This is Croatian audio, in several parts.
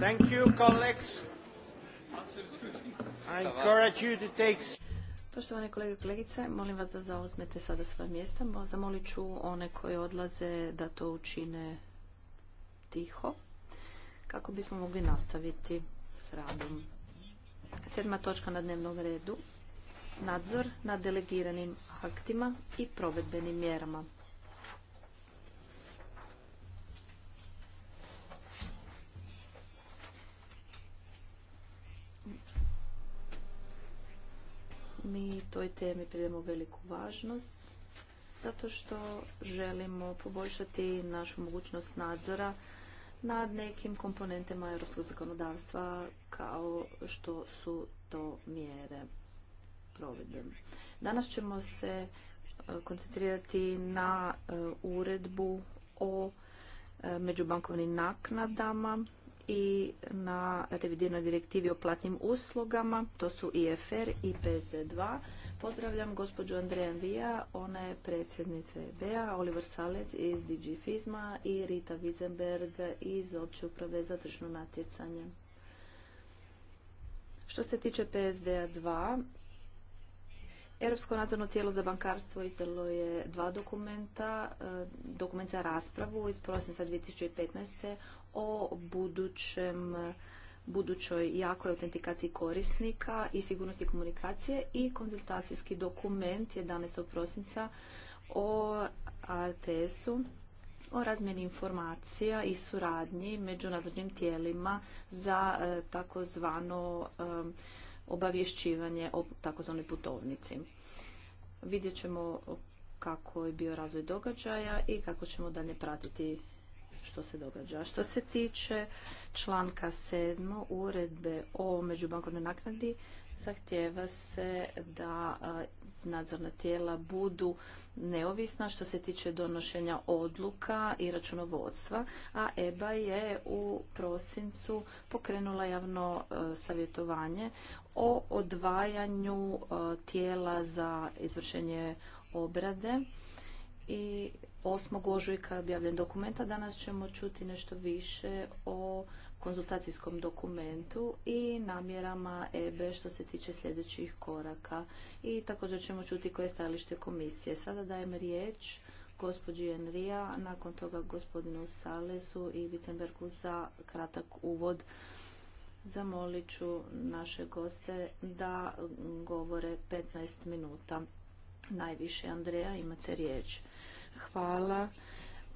Thank you, colleagues. I Poštovane kolege i kolegice, molim vas da zauzmete sada svoje mjesta. Zamolit ću one koji odlaze da to učine tiho kako bismo mogli nastaviti s radom. Sedma točka na dnevnom redu. Nadzor nad delegiranim aktima i provedbenim mjerama. mi toj temi pridemo veliku važnost zato što želimo poboljšati našu mogućnost nadzora nad nekim komponentama europskog zakonodavstva kao što su to mjere provedbe. Danas ćemo se e, koncentrirati na e, uredbu o e, međubankovnim naknadama i na revidirnoj direktivi o platnim uslugama, to su IFR i PSD2. Pozdravljam gospođu Andreja Vija, ona je predsjednica EBA, Oliver Sales iz DG Fizma i Rita Wiesenberg iz Opće uprave za držno natjecanje. Što se tiče psd 2, Europsko nadzorno tijelo za bankarstvo izdalo je dva dokumenta, e, dokument za raspravu iz prosinca 2015 o budućem budućoj jakoj autentikaciji korisnika i sigurnosti komunikacije i konzultacijski dokument 11. prosinca o ATS-u o razmjeni informacija i suradnji među nadležnim tijelima za e, takozvano e, obavješćivanje o takozvanoj putovnici. Vidjet ćemo kako je bio razvoj događaja i kako ćemo dalje pratiti što se događa. Što se tiče članka 7. uredbe o međubankovnoj naknadi, zahtjeva se da nadzorna tijela budu neovisna što se tiče donošenja odluka i računovodstva, a EBA je u prosincu pokrenula javno savjetovanje o odvajanju tijela za izvršenje obrade i 8. ožujka objavljen dokumenta. Danas ćemo čuti nešto više o konzultacijskom dokumentu i namjerama EBE što se tiče sljedećih koraka. I također ćemo čuti koje je stajalište komisije. Sada dajem riječ gospođi Enrija, nakon toga gospodinu Salesu i Wittenbergu za kratak uvod. Zamolit ću naše goste da govore 15 minuta najviše. Andreja, imate riječ. Hvala.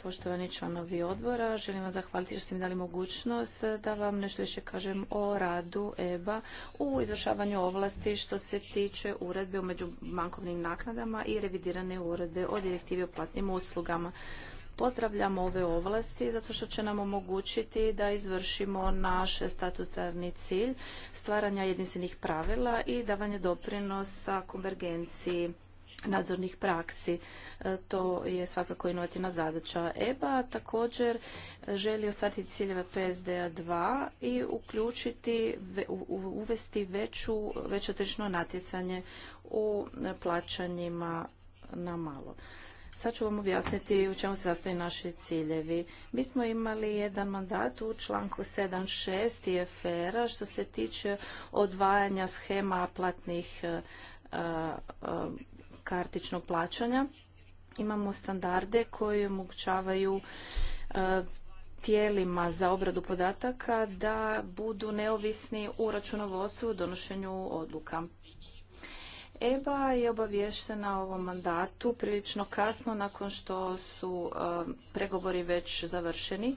Poštovani članovi odbora, želim vam zahvaliti što ste mi dali mogućnost da vam nešto više kažem o radu EBA u izvršavanju ovlasti što se tiče uredbe o međubankovnim naknadama i revidirane uredbe o direktivi o platnim uslugama. Pozdravljamo ove ovlasti zato što će nam omogućiti da izvršimo naš statutarni cilj stvaranja jedinstvenih pravila i davanje doprinosa konvergenciji nadzornih praksi. E, to je svakako inovativna zadaća. EBA također želi ostvariti ciljeve PSDA 2 i uključiti, uvesti veću, veće tržišno natjecanje u plaćanjima na malo. Sad ću vam objasniti u čemu se sastoji naši ciljevi. Mi smo imali jedan mandat u članku 7.6 IFR-a što se tiče odvajanja schema platnih e, e, kartičnog plaćanja. Imamo standarde koji omogućavaju e, tijelima za obradu podataka da budu neovisni u računovodstvu u donošenju odluka. EBA je obaviještena o ovom mandatu prilično kasno nakon što su e, pregovori već završeni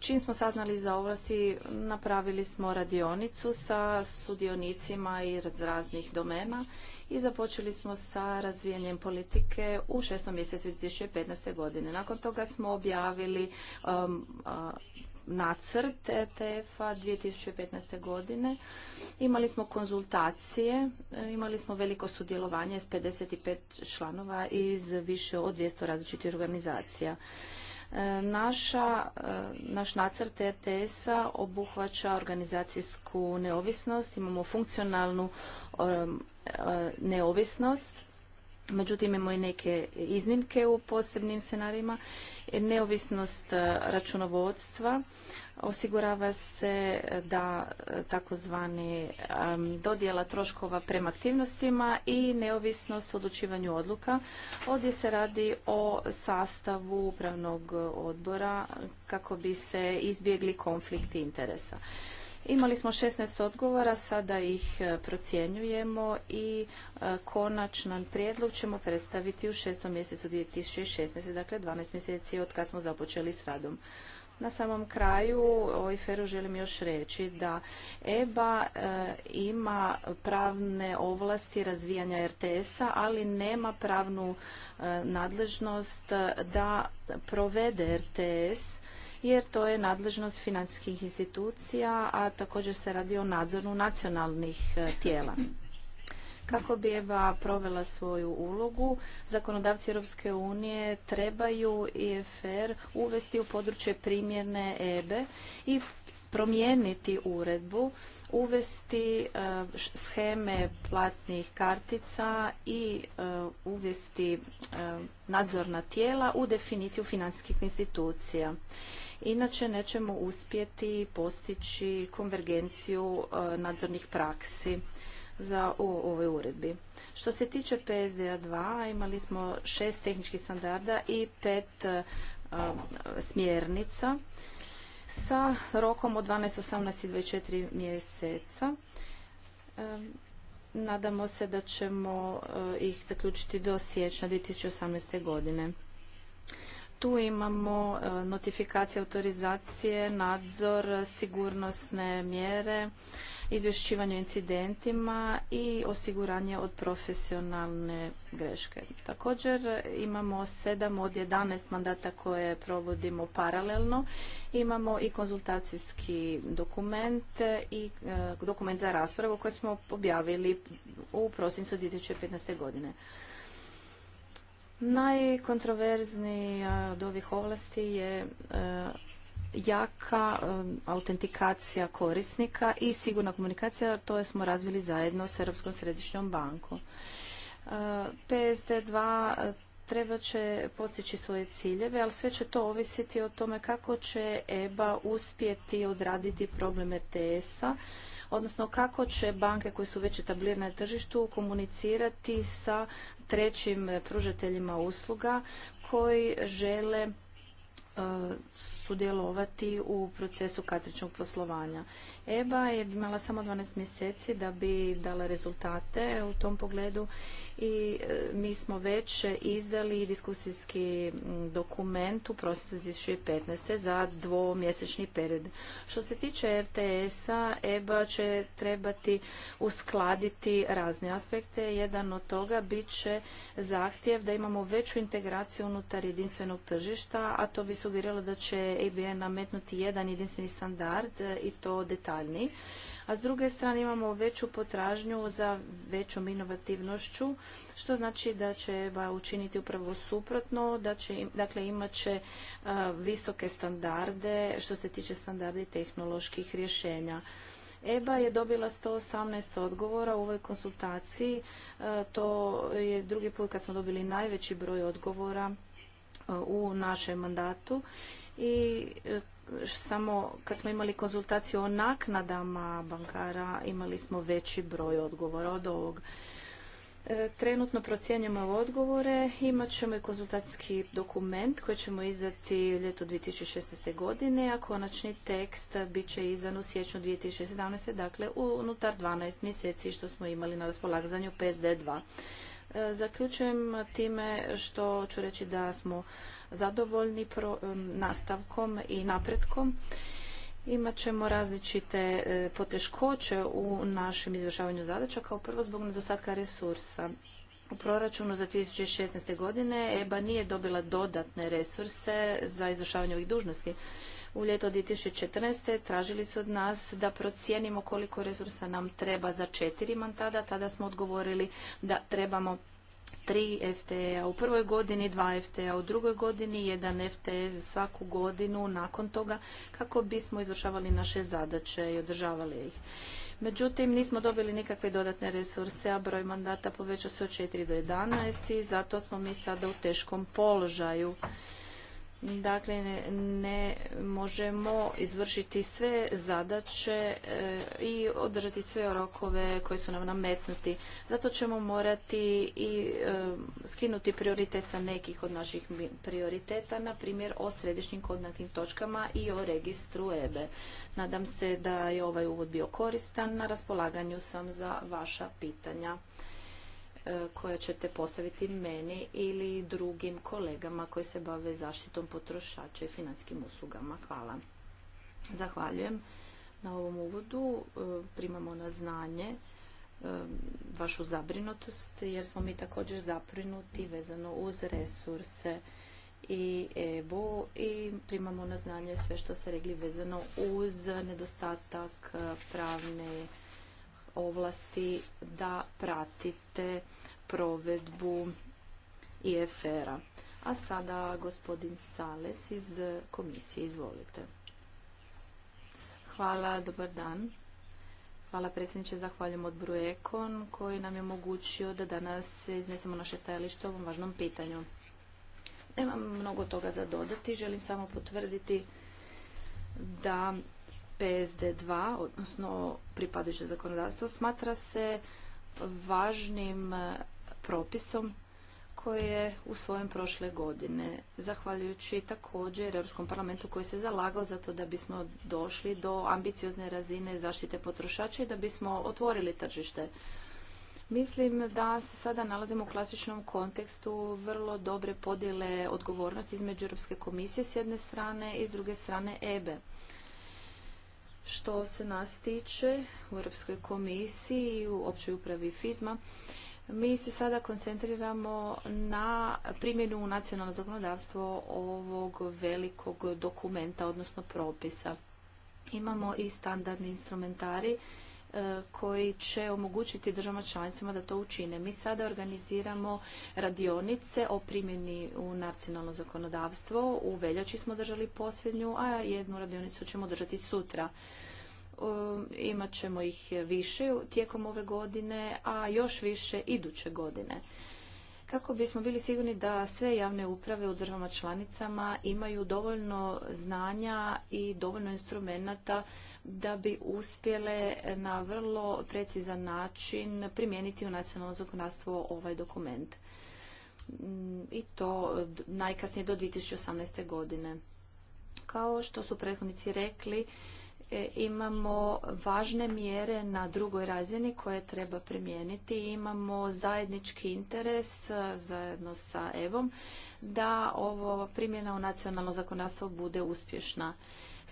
Čim smo saznali za ovlasti, napravili smo radionicu sa sudionicima iz raznih domena i započeli smo sa razvijanjem politike u šestom mjesecu 2015. godine. Nakon toga smo objavili um, nacrt ETF-a 2015. godine. Imali smo konzultacije, imali smo veliko sudjelovanje s 55 članova iz više od 200 različitih organizacija. E, naša, e, naš nacrt RTS-a e obuhvaća organizacijsku neovisnost, imamo funkcionalnu neovisnost, međutim imamo i neke iznimke u posebnim scenarijima, neovisnost računovodstva, osigurava se e, da e, takozvani dodjela troškova prema aktivnostima i neovisnost u odlučivanju odluka. Ovdje se radi o sastavu upravnog odbora kako bi se izbjegli konflikti interesa. Imali smo 16 odgovora, sada ih e, procjenjujemo i konačan prijedlog ćemo predstaviti u šestom mjesecu 2016. Dakle, 12 mjeseci od kad smo započeli s radom. Na samom kraju o IFER-u želim još reći da EBA e, ima pravne ovlasti razvijanja RTS-a, ali nema pravnu e, nadležnost da provede RTS jer to je nadležnost financijskih institucija, a također se radi o nadzoru nacionalnih e, tijela. Kako bi EBA provela svoju ulogu, zakonodavci Europske unije trebaju IFR e uvesti u područje primjene EBE i promijeniti uredbu, uvesti e, sheme platnih kartica i e, uvesti nadzorna tijela u definiciju financijskih institucija. Inače nećemo uspjeti postići konvergenciju nadzornih praksi za u ovoj uredbi. Što se tiče PSDA 2, imali smo šest tehničkih standarda i pet e, smjernica sa rokom od 12, 18 i 24 mjeseca. E, nadamo se da ćemo e, ih zaključiti do siječnja 2018. godine. Tu imamo notifikacije, autorizacije, nadzor, sigurnosne mjere, izvješćivanje o incidentima i osiguranje od profesionalne greške. Također imamo sedam od 11 mandata koje provodimo paralelno. Imamo i konzultacijski dokument i e, dokument za raspravu koji smo objavili u prosincu 2015. godine. Najkontroverzniji od ovih ovlasti je e, jaka um, autentikacija korisnika i sigurna komunikacija, to smo razvili zajedno s Europskom središnjom bankom. Uh, PSD2 uh, treba će postići svoje ciljeve, ali sve će to ovisiti o tome kako će EBA uspjeti odraditi probleme ts a odnosno kako će banke koje su već etablirane na tržištu komunicirati sa trećim pružateljima usluga koji žele E, sudjelovati u procesu kartičnog poslovanja. EBA je imala samo 12 mjeseci da bi dala rezultate u tom pogledu i e, mi smo već izdali diskusijski dokument u prosincu 2015. za dvomjesečni period. Što se tiče RTS-a, EBA će trebati uskladiti razne aspekte. Jedan od toga bit će zahtjev da imamo veću integraciju unutar jedinstvenog tržišta, a to bi sugerirala da će ABN nametnuti jedan jedinstveni standard e, i to detaljni. A s druge strane imamo veću potražnju za većom inovativnošću, što znači da će EBA učiniti upravo suprotno, da će, dakle imat će e, visoke standarde što se tiče standarda i tehnoloških rješenja. EBA je dobila 118 odgovora u ovoj konsultaciji. E, to je drugi put kad smo dobili najveći broj odgovora E, u našem mandatu i e, samo kad smo imali konzultaciju o naknadama bankara imali smo veći broj odgovora od ovog. E, trenutno procjenjujemo odgovore, imat ćemo i konzultacijski dokument koji ćemo izdati ljeto 2016. godine, a konačni tekst bit će izdan u siječnju 2017. dakle unutar 12 mjeseci što smo imali na raspolaganju PSD2. Zaključujem time što ću reći da smo zadovoljni nastavkom i napretkom. Imat ćemo različite e, poteškoće u našem izvršavanju zadaća, kao prvo zbog nedostatka resursa. U proračunu za 2016. godine EBA nije dobila dodatne resurse za izvršavanje ovih dužnosti u ljeto 2014. tražili su od nas da procijenimo koliko resursa nam treba za četiri mandata, Tada smo odgovorili da trebamo tri FTE-a u prvoj godini, dva FTE-a u drugoj godini, jedan FTE za svaku godinu nakon toga kako bismo izvršavali naše zadaće i održavali ih. Međutim, nismo dobili nikakve dodatne resurse, a broj mandata povećao se od 4 do 11 i zato smo mi sada u teškom položaju Dakle, ne, možemo izvršiti sve zadaće e, i održati sve rokove koje su nam nametnuti. Zato ćemo morati i e, skinuti prioritet sa nekih od naših prioriteta, na primjer o središnjim kodnatim točkama i o registru EBE. E. Nadam se da je ovaj uvod bio koristan. Na raspolaganju sam za vaša pitanja. E, koja ćete postaviti meni ili drugim kolegama koji se bave zaštitom potrošača i financijskim uslugama. Hvala. Zahvaljujem na ovom uvodu. E, primamo na znanje e, vašu zabrinutost jer smo mi također zabrinuti vezano uz resurse i EBU i primamo na znanje sve što ste rekli vezano uz nedostatak pravne ovlasti da pratite provedbu IFR-a. A sada gospodin Sales iz komisije, izvolite. Hvala, dobar dan. Hvala predsjedniče, zahvaljujem odboru Ekon koji nam je omogućio da danas iznesemo naše stajalište o ovom važnom pitanju. Nemam mnogo toga za dodati, želim samo potvrditi da PSD2, odnosno pripadajuće zakonodavstvo, smatra se važnim e, propisom koje je svojem prošle godine, zahvaljujući također Europskom parlamentu koji se zalagao za to da bismo došli do ambiciozne razine zaštite potrošača i da bismo otvorili tržište. Mislim da se sada nalazimo u klasičnom kontekstu vrlo dobre podjele odgovornosti između Europske komisije s jedne strane i s druge strane EBE. Što se nas tiče u Europskoj komisiji i u općoj upravi FIZMA, mi se sada koncentriramo na primjenu u nacionalno zakonodavstvo ovog velikog dokumenta, odnosno propisa. Imamo i standardni instrumentari E, koji će omogućiti državama članicama da to učine. Mi sada organiziramo radionice o primjeni u nacionalno zakonodavstvo. U veljači smo držali posljednju, a jednu radionicu ćemo držati sutra. E, imat ćemo ih više tijekom ove godine, a još više iduće godine kako bismo bili sigurni da sve javne uprave u državama članicama imaju dovoljno znanja i dovoljno instrumenata da bi uspjele na vrlo precizan način primijeniti u nacionalno zakonodavstvo ovaj dokument. Mm, I to najkasnije do 2018. godine. Kao što su prethodnici rekli, e, imamo važne mjere na drugoj razini koje treba primijeniti. Imamo zajednički interes e, zajedno sa EVOM da ovo primjena u nacionalno zakonodavstvo bude uspješna.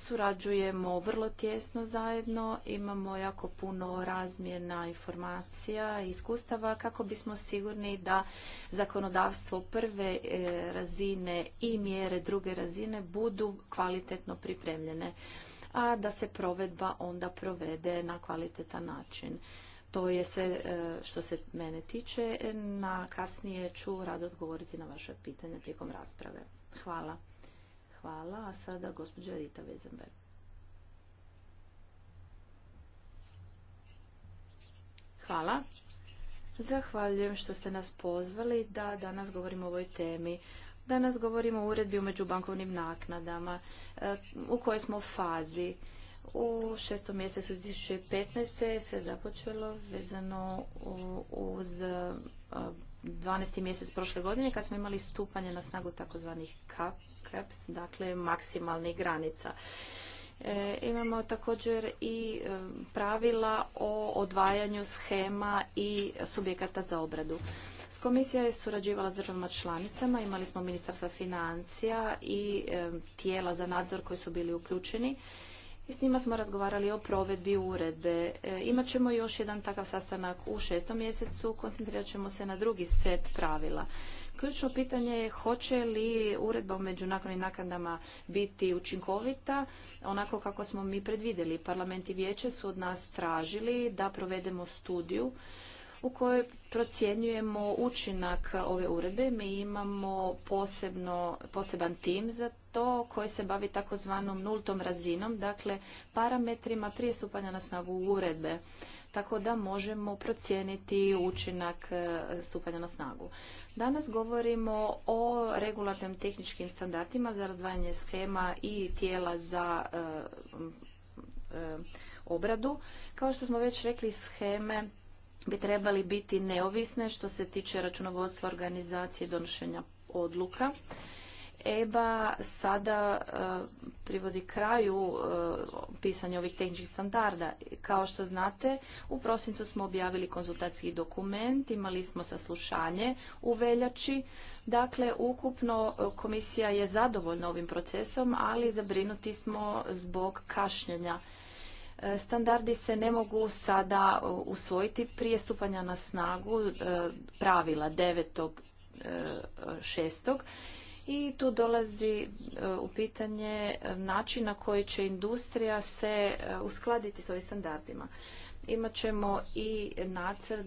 Surađujemo vrlo tjesno zajedno, imamo jako puno razmjena informacija i iskustava kako bismo sigurni da zakonodavstvo prve e, razine i mjere druge razine budu kvalitetno pripremljene, a da se provedba onda provede na kvalitetan način. To je sve e, što se mene tiče. Na kasnije ću rado odgovoriti na vaše pitanja tijekom rasprave. Hvala. Hvala. A sada gospođa Rita Wezenberg. Hvala. Zahvaljujem što ste nas pozvali da danas govorimo o ovoj temi. Danas govorimo o uredbi o međubankovnim naknadama, e, u kojoj smo fazi. U šestom mjesecu 2015. sve započelo vezano uz e, 12. mjesec prošle godine kad smo imali stupanje na snagu takozvanih caps, dakle maksimalnih granica. E, imamo također i e, pravila o odvajanju schema i subjekata za obradu. S komisija je surađivala s državama članicama, imali smo ministarstva financija i e, tijela za nadzor koji su bili uključeni i s njima smo razgovarali o provedbi uredbe. Imaćemo imat ćemo još jedan takav sastanak u šestom mjesecu, koncentrirat ćemo se na drugi set pravila. Ključno pitanje je hoće li uredba o međunakonim naknadama biti učinkovita, onako kako smo mi predvidjeli. Parlament i vijeće su od nas tražili da provedemo studiju u kojoj procjenjujemo učinak ove uredbe. Mi imamo poseban tim za to koje se bavi takozvanom nultom razinom, dakle parametrima prije stupanja na snagu uredbe, tako da možemo procijeniti učinak e, stupanja na snagu. Danas govorimo o regularnim tehničkim standardima za razdvajanje schema i tijela za e, e, obradu. Kao što smo već rekli, scheme bi trebali biti neovisne što se tiče računovodstva organizacije i donošenja odluka EBA sada e, privodi kraju e, pisanje ovih tehničkih standarda. Kao što znate, u prosincu smo objavili konzultacijski dokument, imali smo saslušanje u veljači. Dakle, ukupno e, komisija je zadovoljna ovim procesom, ali zabrinuti smo zbog kašnjenja. Standardi se ne mogu sada usvojiti prije stupanja na snagu pravila 9.6 i tu dolazi e, u pitanje način na koji će industrija se e, uskladiti s ovim standardima. Imat ćemo i nacrt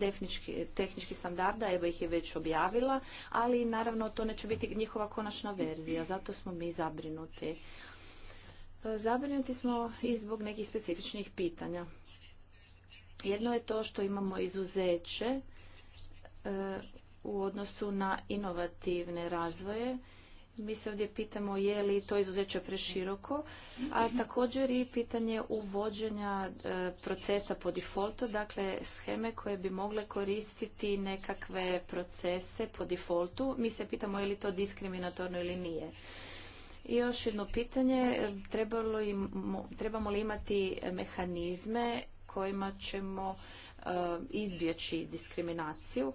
tehničkih standarda, evo ih je već objavila, ali naravno to neće biti njihova konačna verzija, zato smo mi zabrinuti. E, zabrinuti smo i zbog nekih specifičnih pitanja. Jedno je to što imamo izuzeće u odnosu na inovativne razvoje mi se ovdje pitamo je li to izuzeće preširoko, a također i pitanje uvođenja e, procesa po defaultu, dakle scheme koje bi mogle koristiti nekakve procese po defaultu. Mi se pitamo je li to diskriminatorno ili nije. I još jedno pitanje, trebamo li imati mehanizme kojima ćemo e, izbjeći diskriminaciju?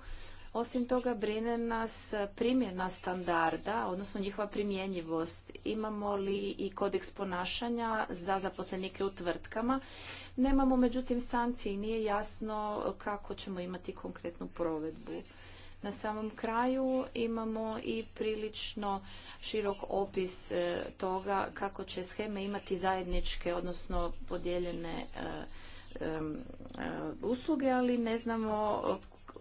Osim toga, brine nas primjena standarda, odnosno njihova primjenjivost. Imamo li i kodeks ponašanja za zaposlenike u tvrtkama? Nemamo, međutim, sankcije i nije jasno kako ćemo imati konkretnu provedbu. Na samom kraju imamo i prilično širok opis e, toga kako će sheme imati zajedničke, odnosno podijeljene e, e, usluge, ali ne znamo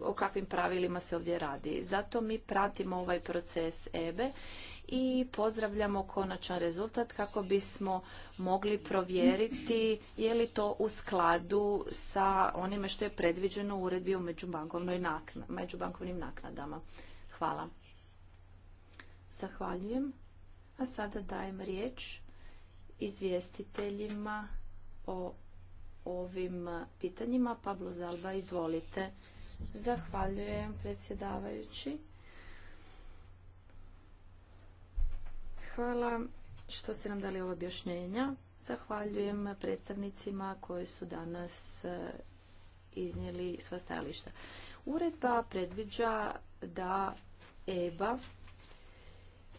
o kakvim pravilima se ovdje radi. Zato mi pratimo ovaj proces EBE e i pozdravljamo konačan rezultat kako bismo mogli provjeriti je li to u skladu sa onime što je predviđeno u uredbi o međubankovnim naknadama. Hvala. Zahvaljujem. A sada dajem riječ izvjestiteljima o ovim pitanjima. Pablo Zalba, izvolite. Zahvaljujem predsjedavajući. Hvala što ste nam dali ova objašnjenja. Zahvaljujem predstavnicima koji su danas e, iznijeli sva stajališta. Uredba predviđa da EBA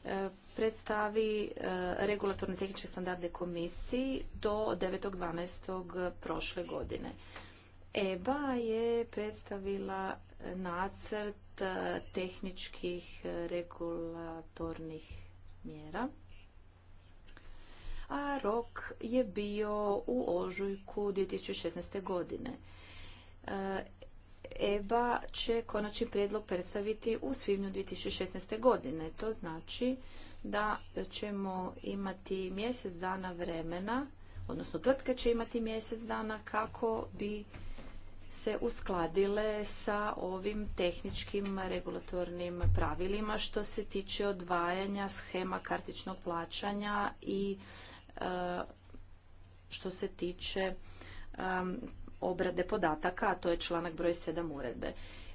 e, predstavi e, regulatorne tehničke standarde komisiji do 9.12. prošle godine. EBA je predstavila nacrt e, tehničkih e, regulatornih mjera, a rok je bio u ožujku 2016. godine. E, EBA će konačni predlog predstaviti u svibnju 2016. godine. To znači da ćemo imati mjesec dana vremena, odnosno tvrtka će imati mjesec dana kako bi se uskladile sa ovim tehničkim regulatornim pravilima što se tiče odvajanja schema kartičnog plaćanja i e, što se tiče obrade podataka, a to je članak broj 7 uredbe.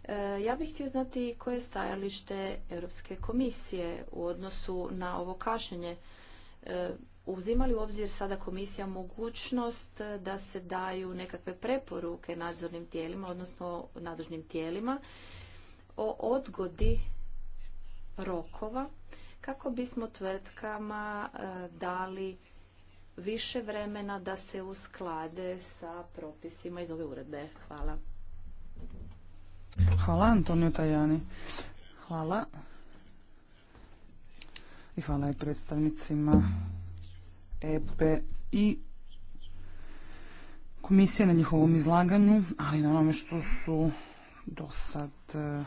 E, ja bih htio znati koje je stajalište Europske komisije u odnosu na ovo kašnjenje e, uzimali u obzir sada komisija mogućnost eh, da se daju nekakve preporuke nadzornim tijelima, odnosno nadležnim tijelima o odgodi rokova kako bismo tvrtkama eh, dali više vremena da se usklade sa propisima iz ove uredbe. Hvala. Hvala Antonio Tajani. Hvala. I hvala i predstavnicima EP i komisije na njihovom izlaganju, ali na onome što su do sad e,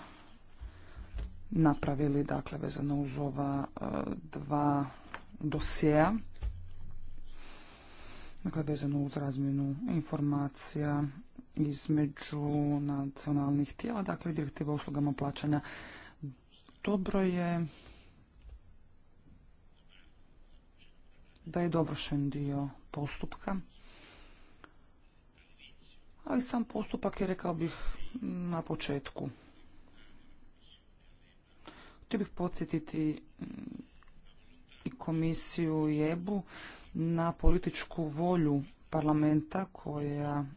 napravili, dakle, vezano uz ova e, dva dosjeja. Dakle, vezano uz razmjenu informacija između nacionalnih tijela, dakle, direktiva uslugama plaćanja. Dobro je da je dovršen dio postupka. Ali sam postupak je, rekao bih, na početku. Htio bih podsjetiti mm, i komisiju i EBU na političku volju parlamenta koja mm,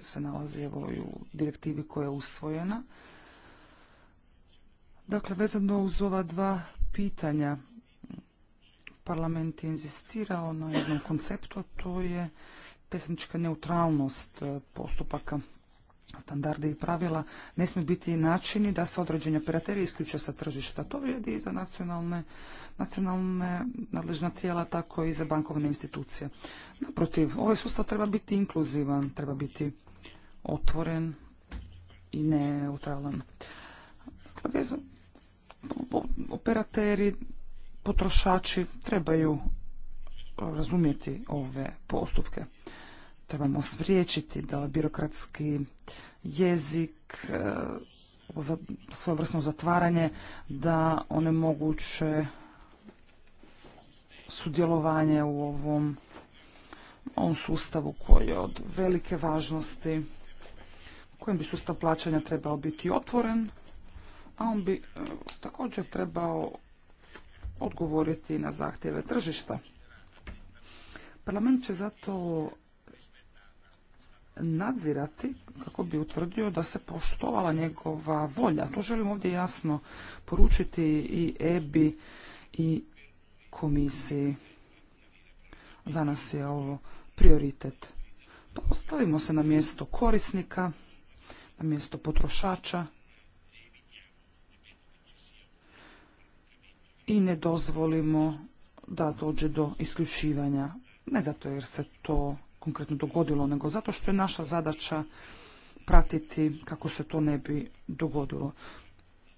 se nalazi u direktivi koja je usvojena. Dakle, vezano uz ova dva pitanja, parlament je inzistirao na jednom konceptu, a to je tehnička neutralnost e, postupaka standarde i pravila ne smiju biti načini da se određeni operateri isključe sa tržišta. To vrijedi i za nacionalne, nacionalne nadležna tijela, tako i za bankovne institucije. Naprotiv, ovaj sustav treba biti inkluzivan, treba biti otvoren i neutralan. Dakle, operateri potrošači trebaju razumjeti ove postupke. Trebamo spriječiti da birokratski jezik, e, svojevrsno zatvaranje, da onemoguće sudjelovanje u ovom, ovom sustavu koji je od velike važnosti, kojem bi sustav plaćanja trebao biti otvoren, a on bi e, također trebao odgovoriti na zahtjeve tržišta. Parlament će zato nadzirati kako bi utvrdio da se poštovala njegova volja. To želim ovdje jasno poručiti i EBI i komisiji. Za nas je ovo prioritet. Postavimo pa se na mjesto korisnika, na mjesto potrošača i ne dozvolimo da dođe do isključivanja. Ne zato jer se to konkretno dogodilo, nego zato što je naša zadaća pratiti kako se to ne bi dogodilo.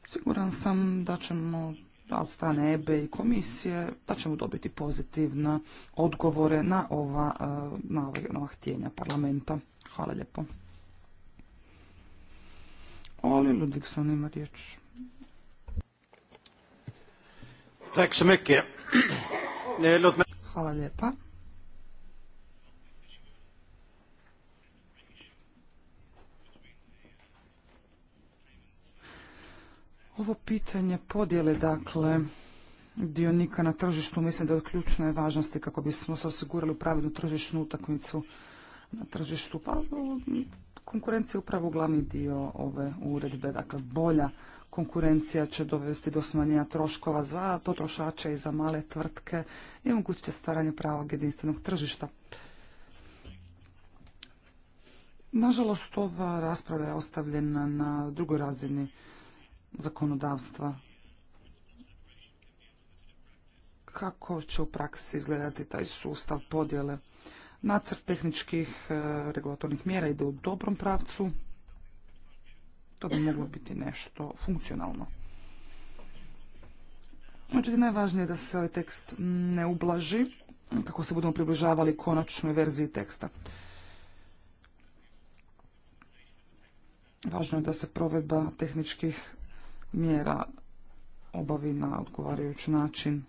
Siguran sam da ćemo od strane EBE e i komisije, da ćemo dobiti pozitivne odgovore e, na ova, htjenja parlamenta. Hvala lijepo. Oli Ludvigson ima riječ. Eh, Hvala lijepa. Ovo pitanje podjele, dakle, dionika na tržištu mislim da je od ključne važnosti kako bismo se osigurali pravilnu tržišnu utakmicu na tržištu. Pa konkurencija je upravo glavni dio ove uredbe, dakle bolja konkurencija će dovesti do smanjenja troškova za potrošače i za male tvrtke i omogućit će stvaranje pravog jedinstvenog tržišta. Nažalost, ova rasprava je ostavljena na drugoj razini zakonodavstva. Kako će u praksi izgledati taj sustav podjele? Nacrt tehničkih e, regulatornih mjera ide u dobrom pravcu. To bi moglo biti nešto funkcionalno. Međutim, najvažnije je da se ovaj tekst ne ublaži kako se budemo približavali konačnoj verziji teksta. Važno je da se provedba tehničkih mjera obavi na odgovarajući način.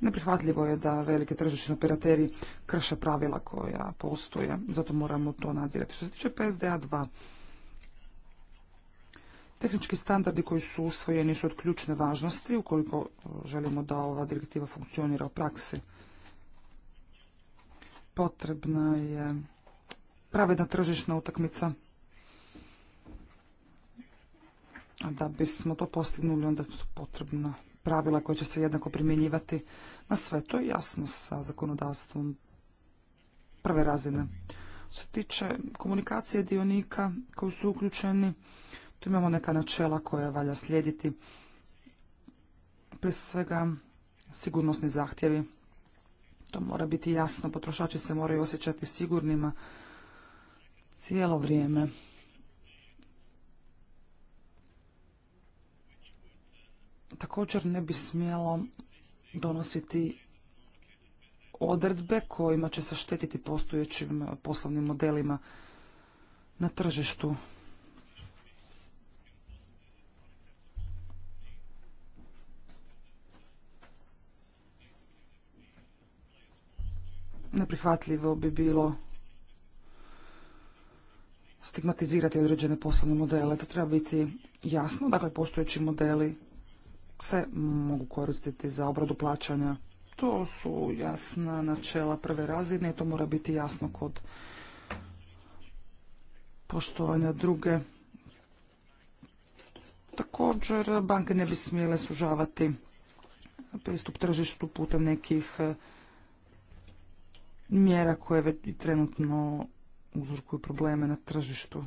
Neprihvatljivo je da velike tržišni operateri krše pravila koja postoje, zato moramo to nadzirati. Što se tiče PSDA 2, Tehnički standardi koji su usvojeni su od ključne važnosti ukoliko e, želimo da ova direktiva funkcionira u praksi. Potrebna je pravedna tržišna utakmica. A da bismo to postignuli onda su potrebna pravila koja će se jednako primjenjivati na sve. To je jasno sa zakonodavstvom prve razine. Što se tiče komunikacije dionika koji su uključeni, tu imamo neka načela koja valja slijediti. Prije svega sigurnosni zahtjevi. To mora biti jasno, potrošači se moraju osjećati sigurnima cijelo vrijeme. također ne bi smjelo donositi odredbe kojima će se štetiti postojećim poslovnim modelima na tržištu. Neprihvatljivo bi bilo stigmatizirati određene poslovne modele. To treba biti jasno, dakle postojeći modeli se mogu koristiti za obradu plaćanja. To su jasna načela prve razine i to mora biti jasno kod poštovanja druge. Također, banke ne bi smjele sužavati pristup tržištu putem nekih e, mjera koje trenutno uzrokuju probleme na tržištu.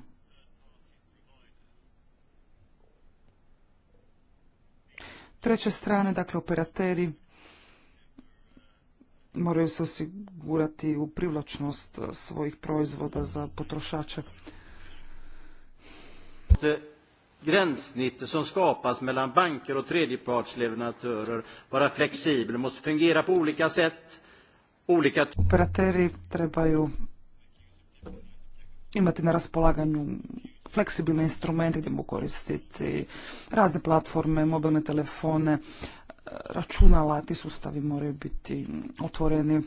treće strane, dakle operateri moraju se osigurati u privlačnost svojih proizvoda za potrošače. Gränssnittet som skapas mellan banker och tredjepartsleverantörer vara flexibel måste fungera på olika sätt. Olika... Operateri trebaju imati na raspolaganju fleksibilne instrumente gdje mogu koristiti razne platforme, mobilne telefone, računala, ti sustavi moraju biti otvoreni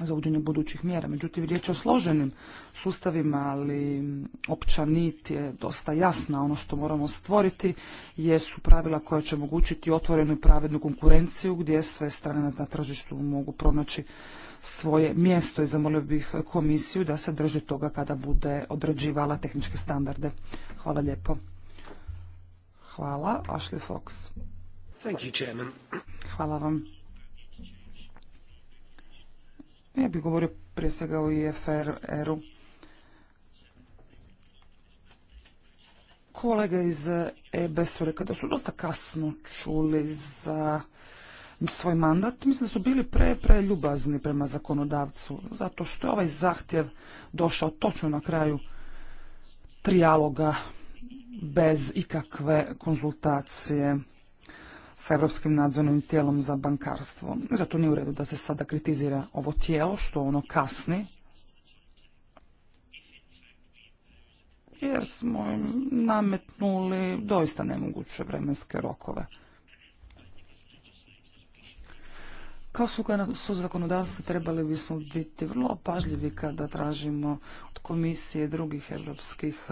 za uđenje budućih mjera. Međutim, riječ je o složenim sustavima, ali opća nit je dosta jasna. Ono što moramo stvoriti jesu pravila koja će omogućiti otvorenu i pravednu konkurenciju gdje sve strane na tržištu mogu pronaći svoje mjesto i zamolio bih komisiju da se drži toga kada bude određivala tehničke standarde. Hvala lijepo. Hvala. Ashley Fox. Hvala vam. Ja bih govorio prije svega o IFR-u. Kolege iz ebs su kada su dosta kasno čuli za svoj mandat. Mislim da su bili pre, pre ljubazni prema zakonodavcu, zato što je ovaj zahtjev došao točno na kraju trijaloga bez ikakve konzultacije sa Europskim nadzornim tijelom za bankarstvo. Zato nije u redu da se sada kritizira ovo tijelo, što ono kasni, jer smo im nametnuli doista nemoguće vremenske rokove. Kao su, su zakonodavstva trebali bismo biti vrlo pažljivi kada tražimo od komisije drugih europskih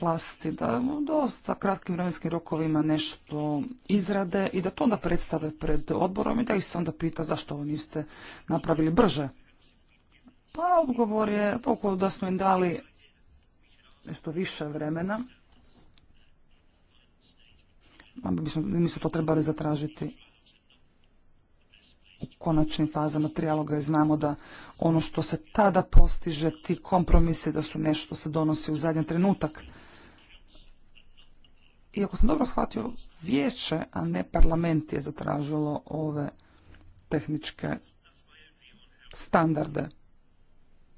vlasti da u dosta kratkim vremenskim rokovima nešto izrade i da to onda predstave pred odborom i da ih se onda pita zašto ovo niste napravili brže. Pa odgovor je, pokoliko pa da smo im dali nešto više vremena, mi smo to trebali zatražiti u konačnim fazama trijaloga i znamo da ono što se tada postiže, ti kompromisi da su nešto se donosi u zadnji trenutak i ako sam dobro shvatio, vijeće, a ne parlament je zatražilo ove tehničke standarde.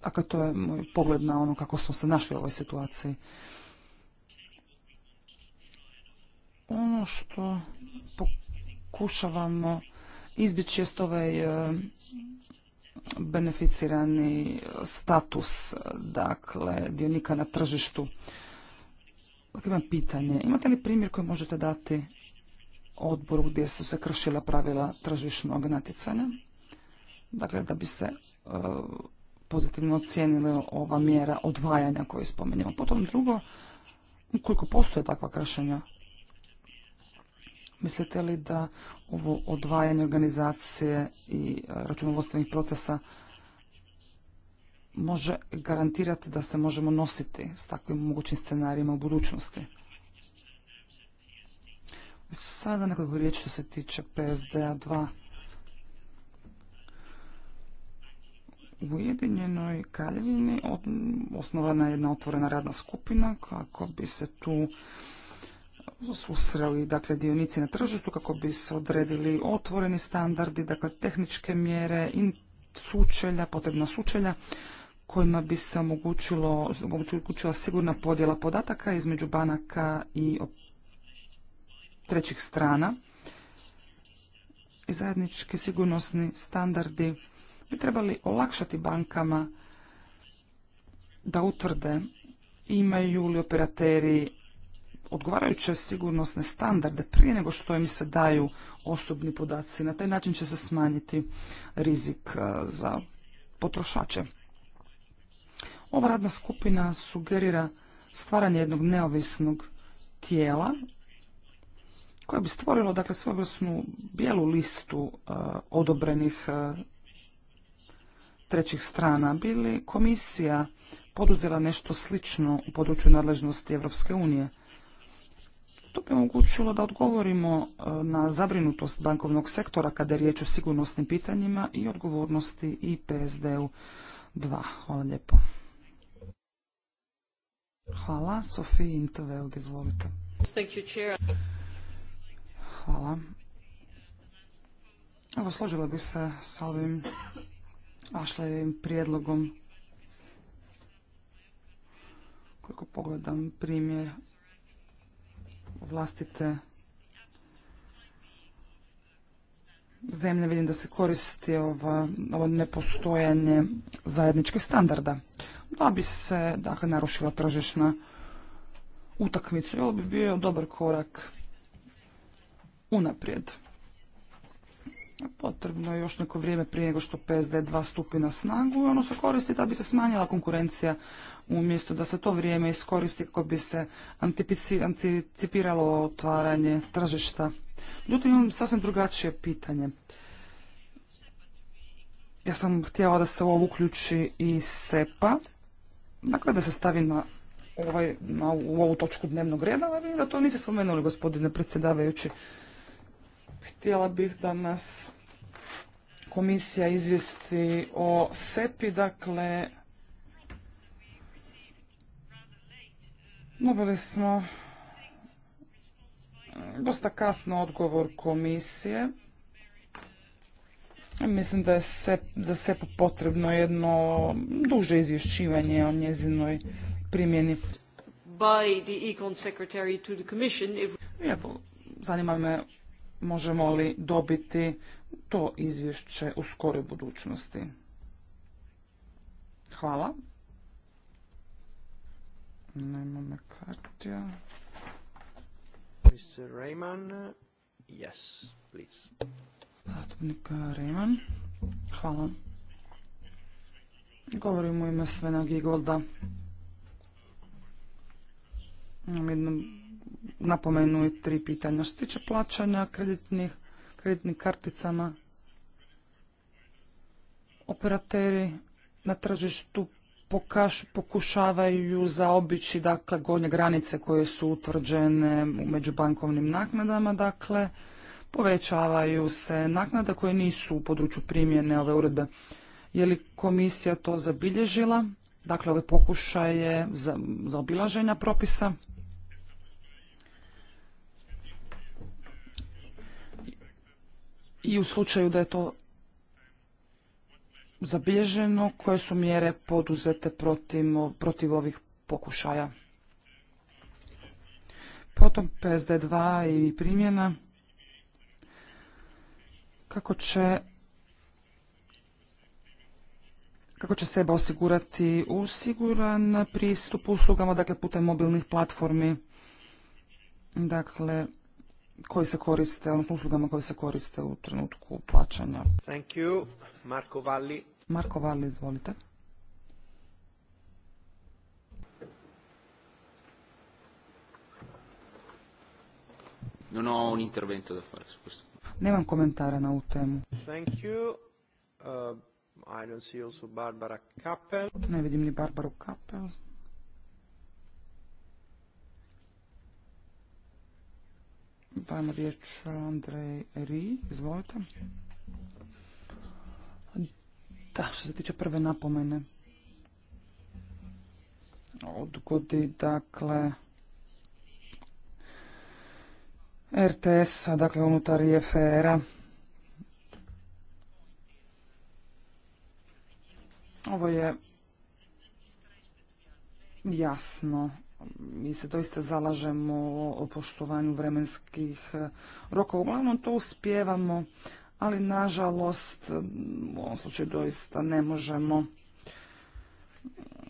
Dakle, to je moj pogled na ono kako smo se našli u ovoj situaciji. Ono što pokušavamo izbjeći jest ovaj e, beneficirani status, dakle, dionika na tržištu imam pitanje. Imate li primjer koji možete dati odboru gdje su se kršila pravila tržišnog natjecanja? Dakle, da bi se e, pozitivno ocijenila ova mjera odvajanja koju spomenimo. Potom drugo, ukoliko postoje takva kršenja, mislite li da ovo odvajanje organizacije i e, računovodstvenih procesa može garantirati da se možemo nositi s takvim mogućim scenarijima u budućnosti. Sada nekoliko riječi što se tiče PSDA 2. U Ujedinjenoj Kaljevini osnovana je jedna otvorena radna skupina kako bi se tu susreli dakle dionici na tržištu kako bi se odredili otvoreni standardi, dakle tehničke mjere, in sučelja, potrebna sučelja kojima bi se omogućila sigurna podjela podataka između banaka i trećih strana. I zajednički sigurnosni standardi bi trebali olakšati bankama da utvrde imaju li operateri odgovarajuće sigurnosne standarde prije nego što im se daju osobni podaci. Na taj način će se smanjiti rizik eh, za potrošače. Ova radna skupina sugerira stvaranje jednog neovisnog tijela koje bi stvorilo dakle svojevrsnu bijelu listu e, odobrenih e, trećih strana. Bili komisija poduzela nešto slično u području nadležnosti Europske unije? To bi omogućilo da odgovorimo e, na zabrinutost bankovnog sektora kada je riječ o sigurnosnim pitanjima i odgovornosti i PSD-u 2. Hvala lijepo. Hvala. Sofiji izvolite. Hvala. Evo, složila bi se sa ovim Ašlejevim prijedlogom. Koliko pogledam primjer vlastite zemlje, vidim da se koristi ovo nepostojanje zajedničkih standarda da bi se dakle, narušila tržišna utakmica. ovo bi bio dobar korak unaprijed. Potrebno je još neko vrijeme prije nego što PSD2 stupi na snagu i ono se koristi da bi se smanjila konkurencija umjesto da se to vrijeme iskoristi kako bi se anticipiralo otvaranje tržišta. Međutim, imam sasvim drugačije pitanje. Ja sam htjela da se u ovo uključi i SEPA, Dakle, da se stavi na, ovaj, na u ovu točku dnevnog reda, ali vidim da to niste spomenuli, gospodine predsjedavajući. Htjela bih da nas komisija izvijesti o SEPI, dakle, dobili smo e, dosta kasno odgovor komisije. Mislim da je se, za SEPA potrebno jedno duže izvješćivanje o njezinoj primjeni. By the Econ Secretary to the Commission if... Evo, zanima me možemo li dobiti to izvješće u skoroj budućnosti. Hvala. Nema me Mr. Rayman, yes, please. Zastupnik Reman. Hvala. Govorim u ime Svena Gigolda. Imam jednu napomenu i tri pitanja. Što tiče plaćanja kreditnih, kreditnim karticama, operateri na tržištu pokaš, pokušavaju zaobići dakle gornje granice koje su utvrđene u međubankovnim naknadama, dakle povećavaju se naknade koje nisu u području primjene ove uredbe. Je li komisija to zabilježila? Dakle, ove pokušaje za, obilaženja propisa. I u slučaju da je to zabilježeno, koje su mjere poduzete protiv, protiv ovih pokušaja. Potom PSD2 i primjena kako će kako će seba osigurati usiguran pristup uslugama, dakle putem mobilnih platformi, dakle koji se koriste, odnosno uslugama koje se koriste u trenutku plaćanja. Thank you. Marko Valli. Marko Valli, izvolite. Non ho un intervento da fare su questo. Nemam komentara na ovu temu. Thank you. Uh, I see also Barbara Kappel. Ne vidim ni Barbaru Kappel. Dajmo riječ Andrej Ri, izvolite. Da, što se tiče prve napomene. Odgodi, dakle, RTS-a, dakle unutar IFR-a. Ovo je jasno. Mi se doista zalažemo o poštovanju vremenskih rokova. Uglavnom to uspijevamo, ali nažalost u ovom slučaju doista ne možemo.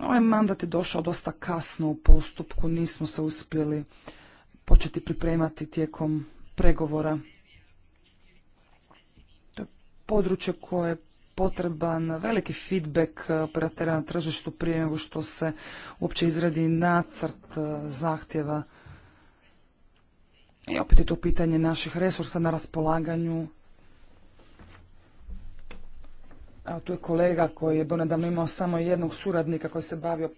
Ovaj mandat je došao dosta kasno u postupku, nismo se uspjeli početi pripremati tijekom pregovora. To je područje koje je potreban veliki feedback operatera na tržištu prije nego što se uopće izradi nacrt e, zahtjeva. I opet je to pitanje naših resursa na raspolaganju. Evo tu je kolega koji je donedavno imao samo jednog suradnika koji se bavio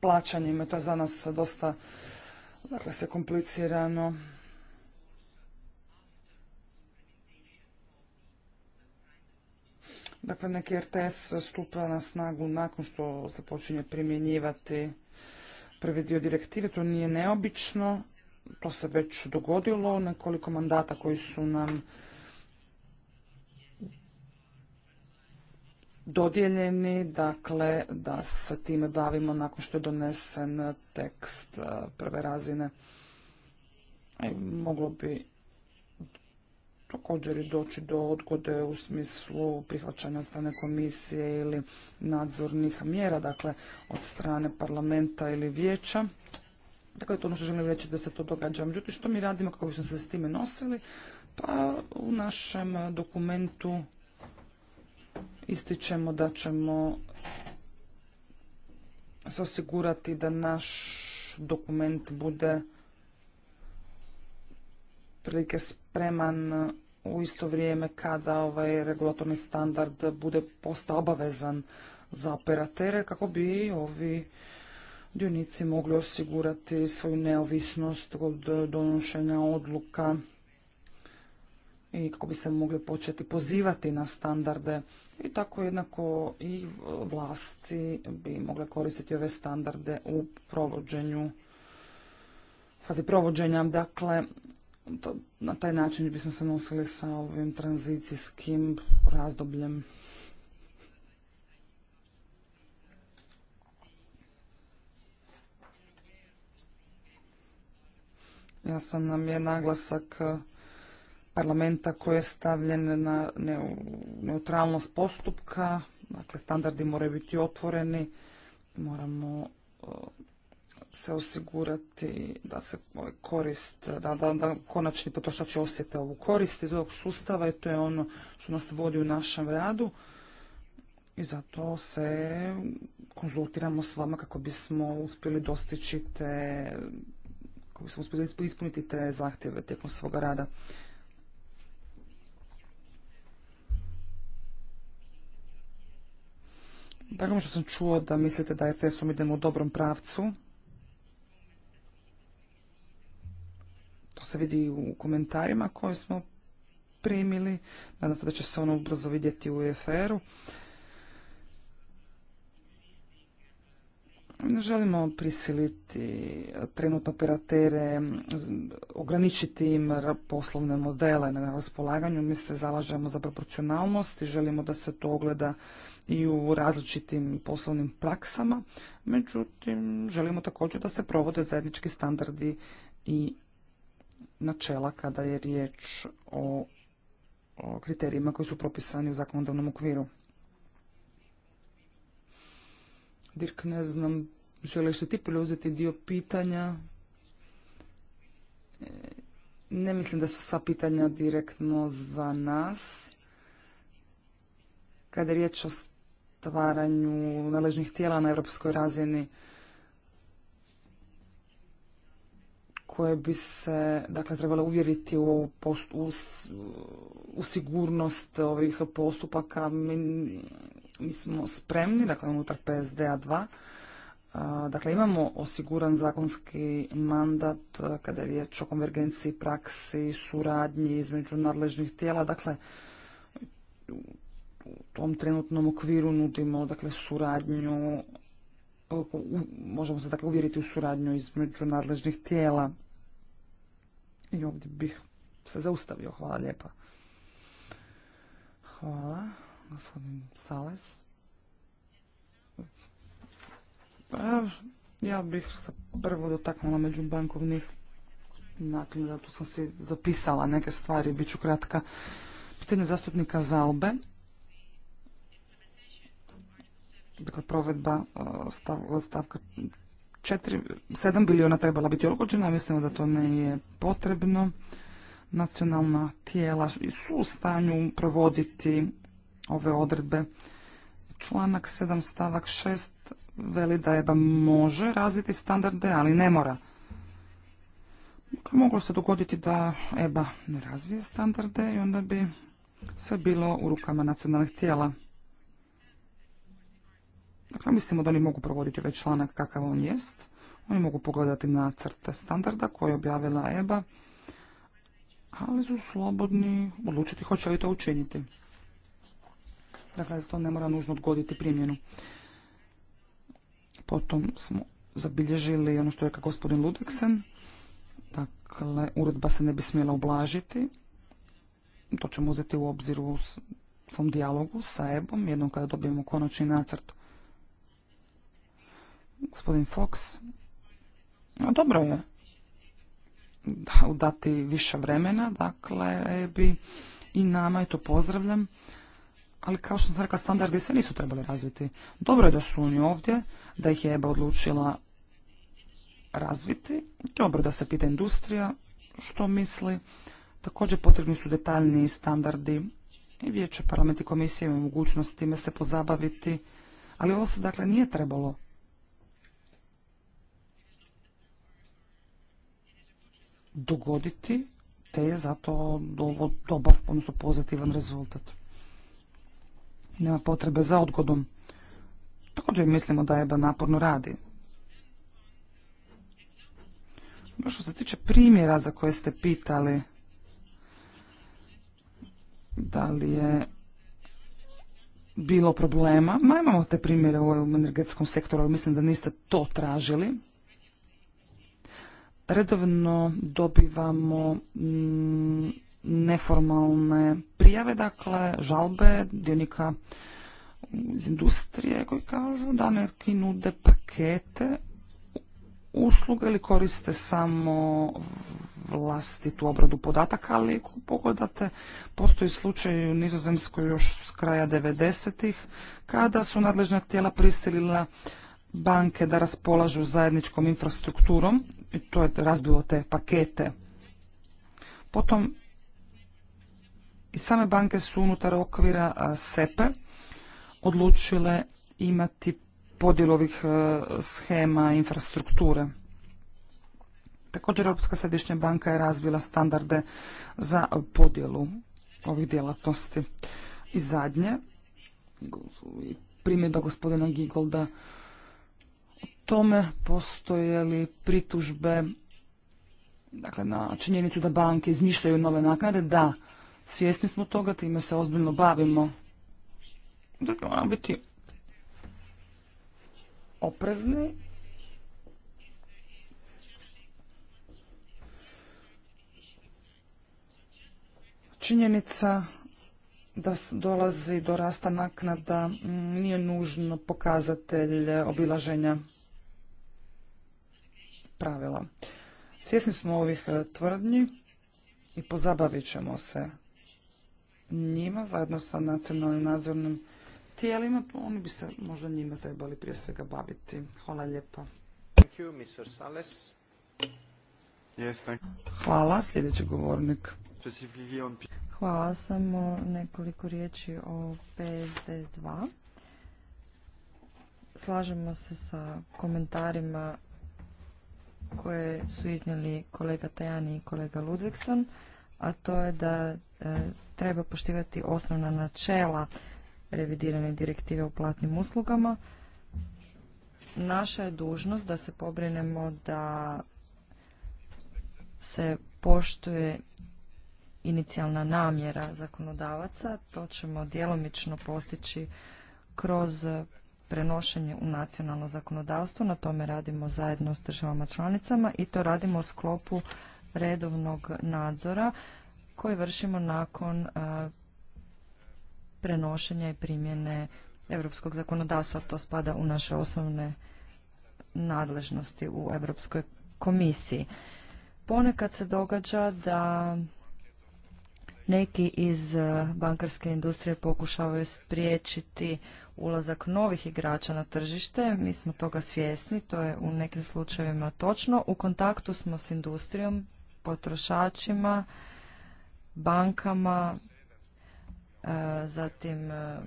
plaćanjima. To je za nas dosta dakle se komplicirano. Dakle, neki RTS stupa na snagu nakon što se počinje primjenjivati prvi dio direktive. To nije neobično. To se već dogodilo. Nekoliko mandata koji su nam dodijeljeni, dakle da se time bavimo nakon što je donesen tekst e, prve razine. E, moglo bi također i doći do odgode u smislu prihvaćanja od strane komisije ili nadzornih mjera, dakle od strane parlamenta ili vijeća. Dakle, to ono što želim reći da se to događa. Međutim, što mi radimo, kako bismo se s time nosili? Pa u našem dokumentu ističemo da ćemo se osigurati da naš dokument bude prilike spreman u isto vrijeme kada ovaj regulatorni standard bude postao obavezan za operatere kako bi ovi dionici mogli osigurati svoju neovisnost od donošenja odluka i kako bi se mogli početi pozivati na standarde i tako jednako i vlasti bi mogle koristiti ove standarde u provođenju fazi provođenja. Dakle, to, na taj način bismo se nosili sa ovim tranzicijskim razdobljem. Ja sam nam je naglasak parlamenta koji je stavljen na neutralnost postupka, dakle standardi moraju biti otvoreni, moramo e, se osigurati da se ovaj, korist, da, da, da konačni potrošači osjete ovu korist iz ovog sustava i to je ono što nas vodi u našem radu i zato se konzultiramo s vama kako bismo uspjeli dostići te, kako bismo uspjeli ispuniti te zahtjeve tijekom svoga rada. Tako što sam čuo da mislite da fes om idemo u dobrom pravcu. To se vidi u komentarima koje smo primili. Nadam se da će se ono ubrzo vidjeti u EFR-u. Ne želimo prisiliti trenutno operatere, ograničiti im poslovne modele na raspolaganju. Mi se zalažemo za proporcionalnost i želimo da se to ogleda i u različitim poslovnim praksama, međutim želimo također da se provode zajednički standardi i načela kada je riječ o, kriterijima koji su propisani u zakonodavnom okviru. Dirk, ne znam, želiš li ti preuzeti dio pitanja? Ne mislim da su sva pitanja direktno za nas. Kada je riječ o stvaranju naležnih tijela na europskoj razini koje bi se dakle trebale uvjeriti u, u, sigurnost ovih postupaka. Mi, smo spremni, dakle unutar PSDA 2, Dakle, imamo osiguran zakonski mandat kada je riječ o konvergenciji praksi, suradnji između nadležnih tijela. Dakle, u tom trenutnom okviru nudimo dakle suradnju e, možemo se dakle uvjeriti u suradnju između nadležnih tijela i ovdje bih se zaustavio. Hvala lijepa. Hvala. Gospodin Sales. Pa, ja bih se prvo dotaknula međubankovnih naknada. Tu sam si zapisala neke stvari, bit ću kratka. Pitanje zastupnika Zalbe dakle, provedba e, stavka 7 biliona trebala biti odgođena, mislimo da to ne je potrebno. Nacionalna tijela su u stanju provoditi ove odredbe. Članak 7 stavak 6 veli da EBA može razviti standarde, ali ne mora. Dakle, moglo se dogoditi da EBA ne razvije standarde i onda bi sve bilo u rukama nacionalnih tijela. Dakle, mislimo da oni mogu provoditi već ovaj članak kakav on jest. Oni mogu pogledati na crte standarda koje je objavila EBA, ali su slobodni odlučiti hoće li to učiniti. Dakle, to ne mora nužno odgoditi primjenu. Potom smo zabilježili ono što je rekao gospodin Ludvigsen. Dakle, uredba se ne bi smjela ublažiti. To ćemo uzeti u obzir u svom dijalogu sa EBOM, jednom kada dobijemo konačni nacrt Gospodin Fox. A dobro je da dati više vremena, dakle, bi i nama, i to pozdravljam, ali kao što sam rekla, standardi se nisu trebali razviti. Dobro je da su oni ovdje, da ih je EBA odlučila razviti. Dobro da se pita industrija što misli. Također potrebni su detaljniji standardi i vijeće parlament i komisije imaju mogućnost time se pozabaviti. Ali ovo se dakle nije trebalo dogoditi, te je zato dobar, odnosno pozitivan rezultat. Nema potrebe za odgodom. Također mislimo da EBA naporno radi. Što se tiče primjera za koje ste pitali, da li je bilo problema. Ma imamo te primjere u energetskom sektoru, ali mislim da niste to tražili redovno dobivamo mm, neformalne prijave, dakle žalbe dionika iz industrije koji kažu da neki nude pakete usluge ili koriste samo vlastitu obradu podataka, ali ako pogledate, postoji slučaj u Nizozemskoj još s kraja 90-ih, kada su nadležna tijela prisilila banke da raspolažu zajedničkom infrastrukturom i to je razbilo te pakete. Potom i same banke su unutar okvira SEPE odlučile imati podjelu ovih e, schema infrastrukture. Također Europska središnja banka je razvila standarde za podjelu ovih djelatnosti. I zadnje, primjedba gospodina Gigolda tome postoje li pritužbe dakle, na činjenicu da banke izmišljaju nove naknade? Da, svjesni smo toga, time se ozbiljno bavimo. Dakle, moramo biti oprezni. Činjenica da dolazi do rasta naknada mm, nije nužno pokazatelj obilaženja pravila. Svjesni smo ovih e, tvrdnji i pozabavit ćemo se njima zajedno sa nacionalnim nadzornim tijelima. Pa oni bi se možda njima trebali prije svega baviti. Hvala lijepa. Hvala, sljedeći govornik. Hvala, samo nekoliko riječi o PSD2. Slažemo se sa komentarima koje su iznijeli kolega Tajani i kolega Ludvigson, a to je da e, treba poštivati osnovna načela revidirane direktive o platnim uslugama. Naša je dužnost da se pobrinemo da se poštuje inicijalna namjera zakonodavaca. To ćemo djelomično postići kroz prenošenje u nacionalno zakonodavstvo. Na tome radimo zajedno s državama članicama i to radimo u sklopu redovnog nadzora koji vršimo nakon e, prenošenja i primjene europskog zakonodavstva. To spada u naše osnovne nadležnosti u Europskoj komisiji. Ponekad se događa da neki iz bankarske industrije pokušavaju spriječiti ulazak novih igrača na tržište, mi smo toga svjesni, to je u nekim slučajevima točno. U kontaktu smo s industrijom, potrošačima, bankama, e, zatim e,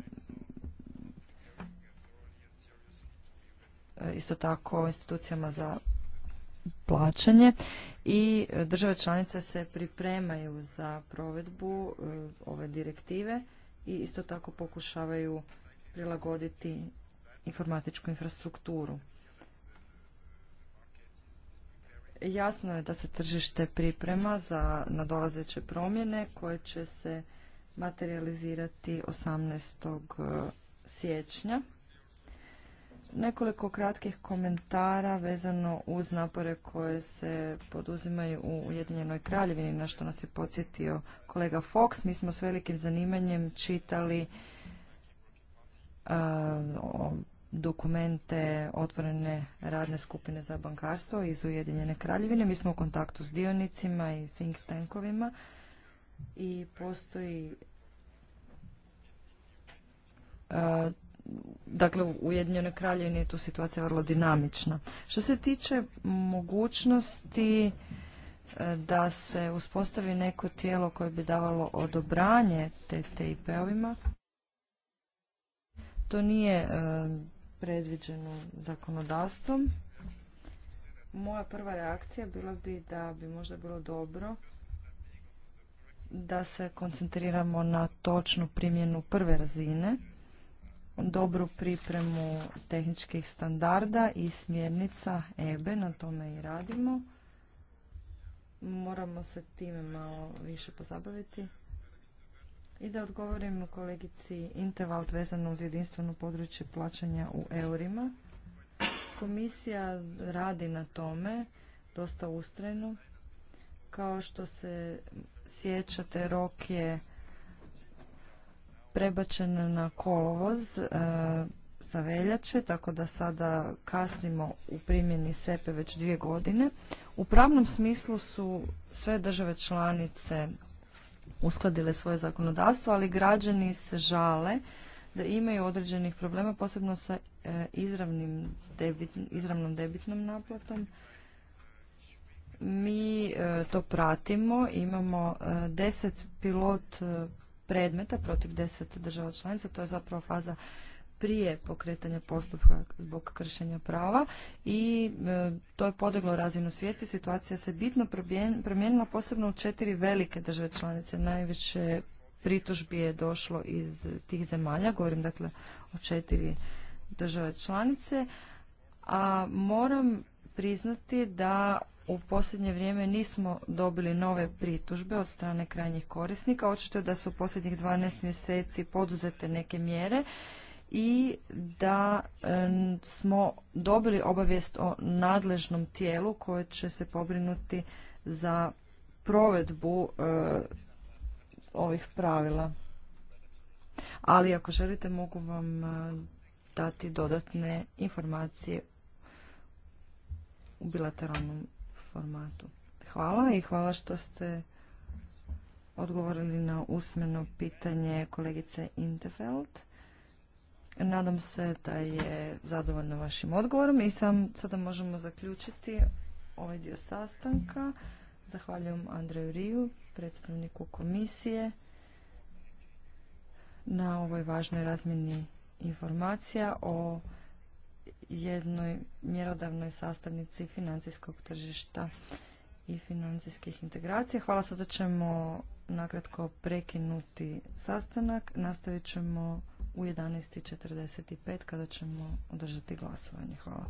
isto tako institucijama za plaćanje i države članice se pripremaju za provedbu e, ove direktive i isto tako pokušavaju prilagoditi informatičku infrastrukturu. Jasno je da se tržište priprema za nadolazeće promjene koje će se materializirati 18. E, siječnja. Nekoliko kratkih komentara vezano uz napore koje se poduzimaju u Ujedinjenoj kraljevini, na što nas je podsjetio kolega Fox. Mi smo s velikim zanimanjem čitali dokumente otvorene radne skupine za bankarstvo iz Ujedinjene kraljevine. Mi smo u kontaktu s dionicima i think tankovima i postoji dakle u Ujedinjenoj kraljevini je tu situacija vrlo dinamična. Što se tiče mogućnosti da se uspostavi neko tijelo koje bi davalo odobranje TTIP-ovima, to nije e, predviđeno zakonodavstvom. Moja prva reakcija bila bi da bi možda bilo dobro da se koncentriramo na točnu primjenu prve razine, dobru pripremu tehničkih standarda i smjernica EBE, e, na tome i radimo. Moramo se time malo više pozabaviti. I da odgovorim kolegici Intervalt vezano uz jedinstveno područje plaćanja u eurima. Komisija radi na tome dosta ustrajno. Kao što se sjećate, rok je prebačen na kolovoz e, sa veljače, tako da sada kasnimo u primjeni SEPE već dvije godine. U pravnom smislu su sve države članice uskladile svoje zakonodavstvo, ali građani se žale da imaju određenih problema, posebno sa e, izravnim izravnom debitnom naplatom. Mi e, to pratimo, imamo e, deset pilot predmeta protiv deset država članica, to je zapravo faza prije pokretanja postupka zbog kršenja prava i e, to je podeglo razinu svijesti. Situacija se bitno promijenila posebno u četiri velike države članice. Najveće pritužbi je došlo iz tih zemalja, govorim dakle o četiri države članice, a moram priznati da u posljednje vrijeme nismo dobili nove pritužbe od strane krajnjih korisnika. Očito je da su u posljednjih 12 mjeseci poduzete neke mjere i da smo dobili obavijest o nadležnom tijelu koje će se pobrinuti za provedbu eh, ovih pravila. Ali ako želite mogu vam eh, dati dodatne informacije u bilateralnom formatu. Hvala i hvala što ste odgovorili na usmeno pitanje kolegice Interfeld. Nadam se da je zadovoljno vašim odgovorom i sam sada možemo zaključiti ovaj dio sastanka. Zahvaljujem Andreju Riju, predstavniku komisije, na ovoj važnoj razmjeni informacija o jednoj mjerodavnoj sastavnici financijskog tržišta i financijskih integracija. Hvala, sada ćemo nakratko prekinuti sastanak. Nastavit ćemo u 11.45 kada ćemo održati glasovanje. Hvala.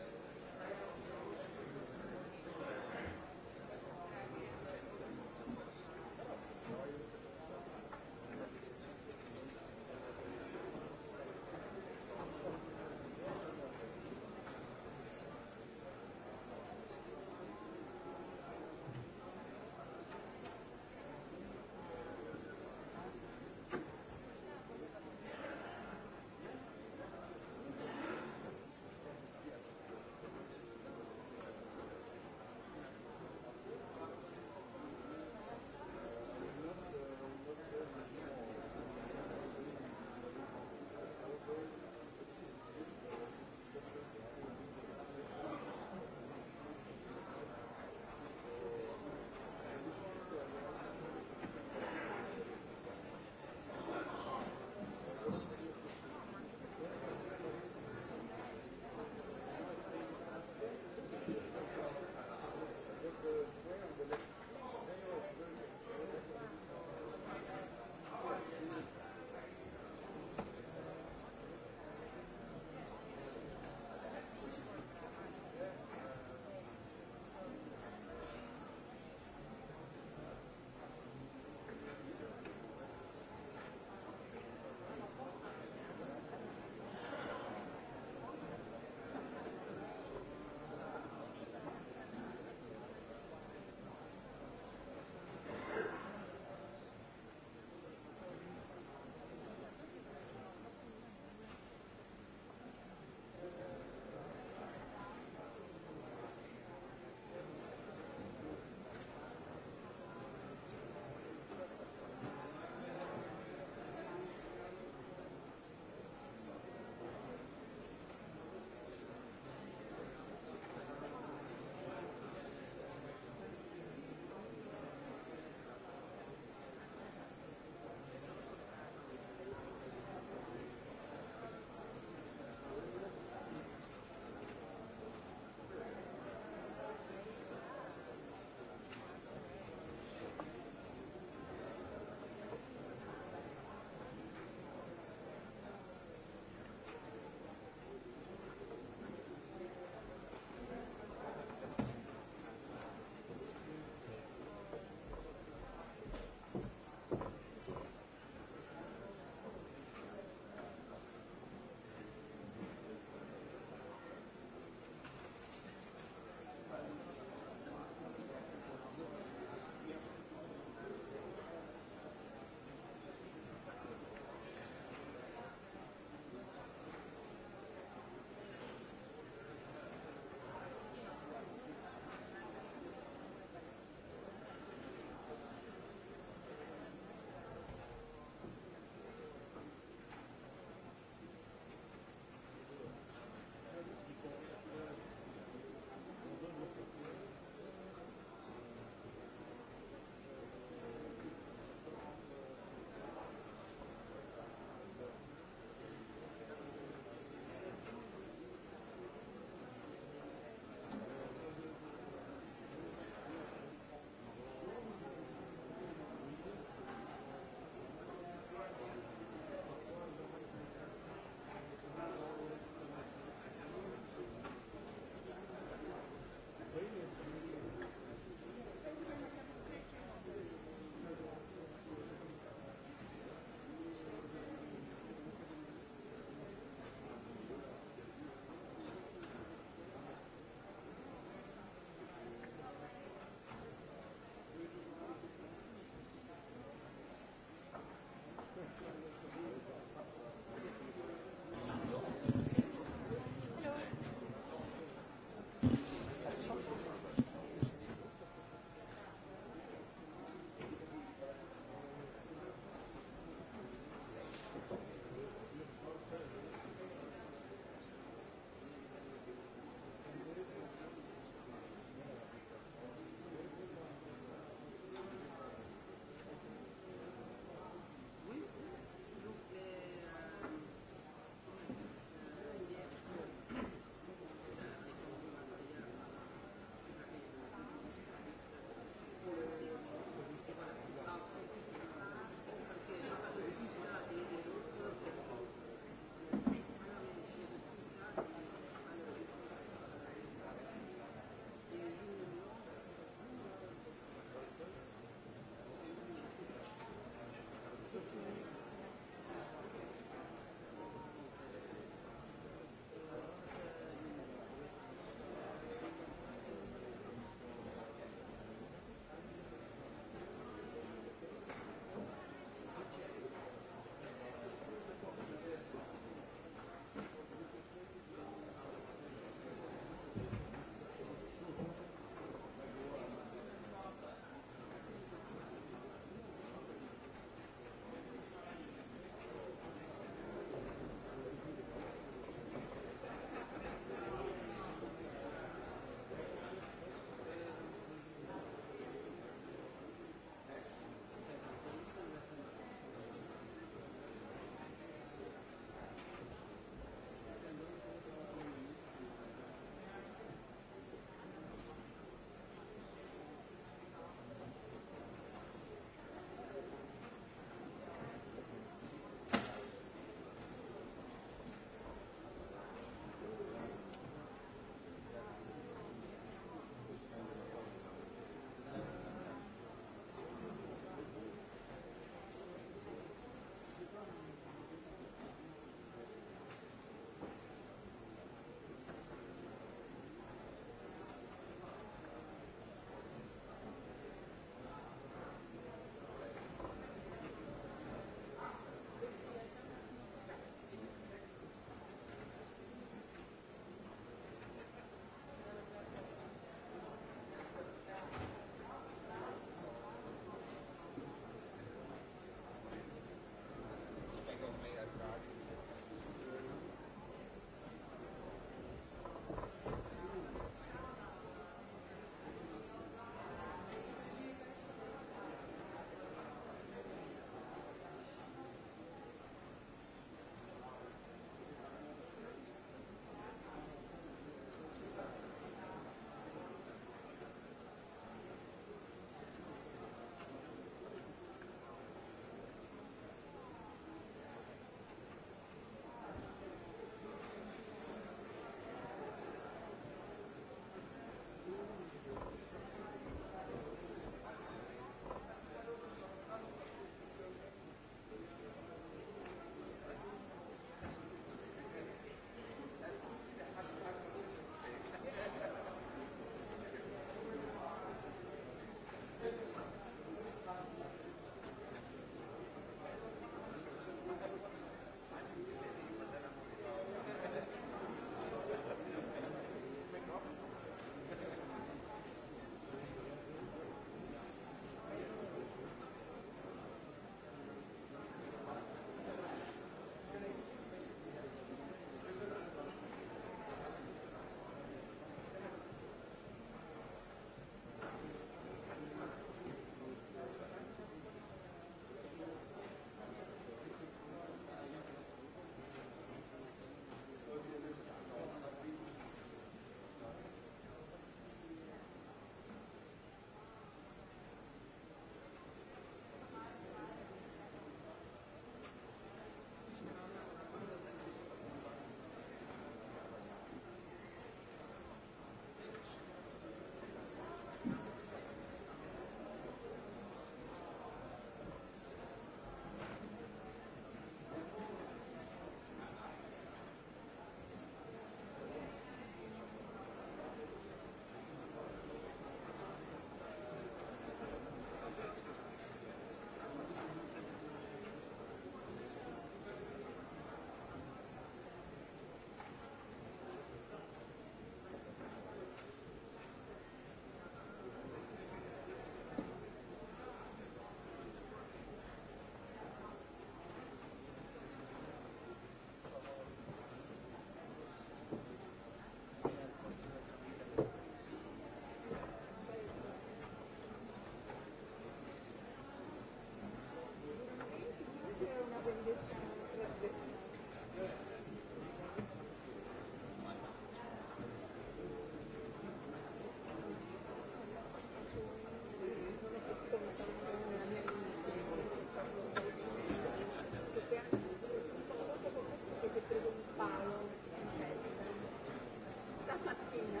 stamattina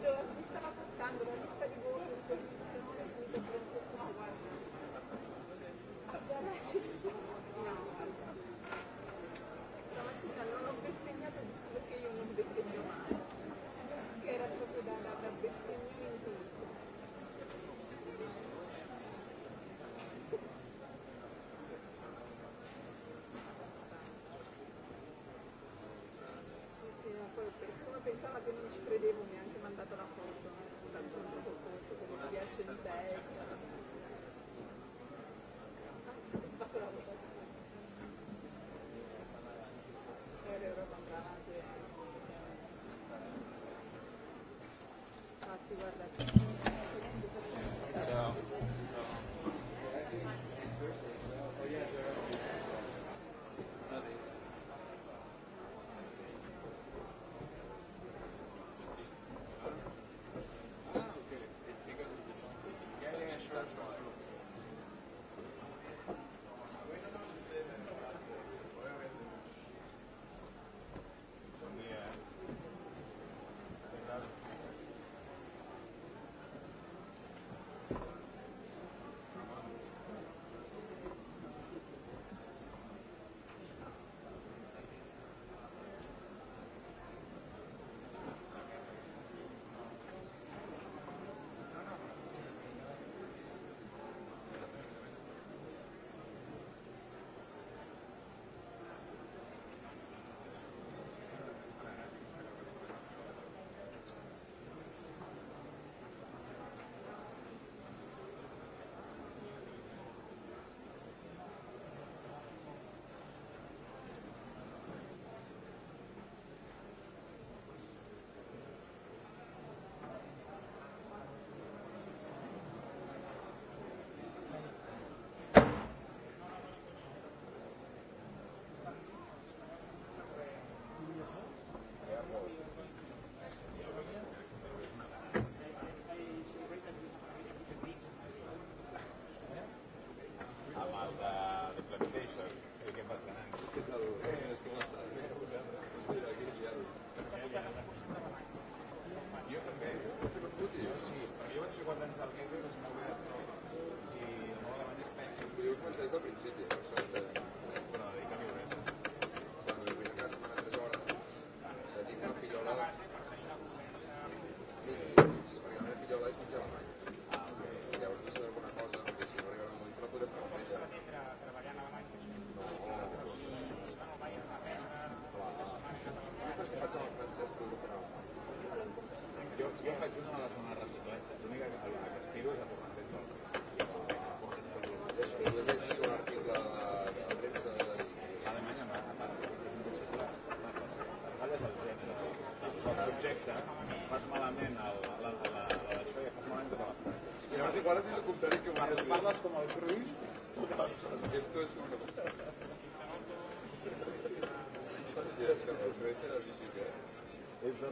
dove mi stava portando la lista di voti guarda you. órdenes al jefe, Es de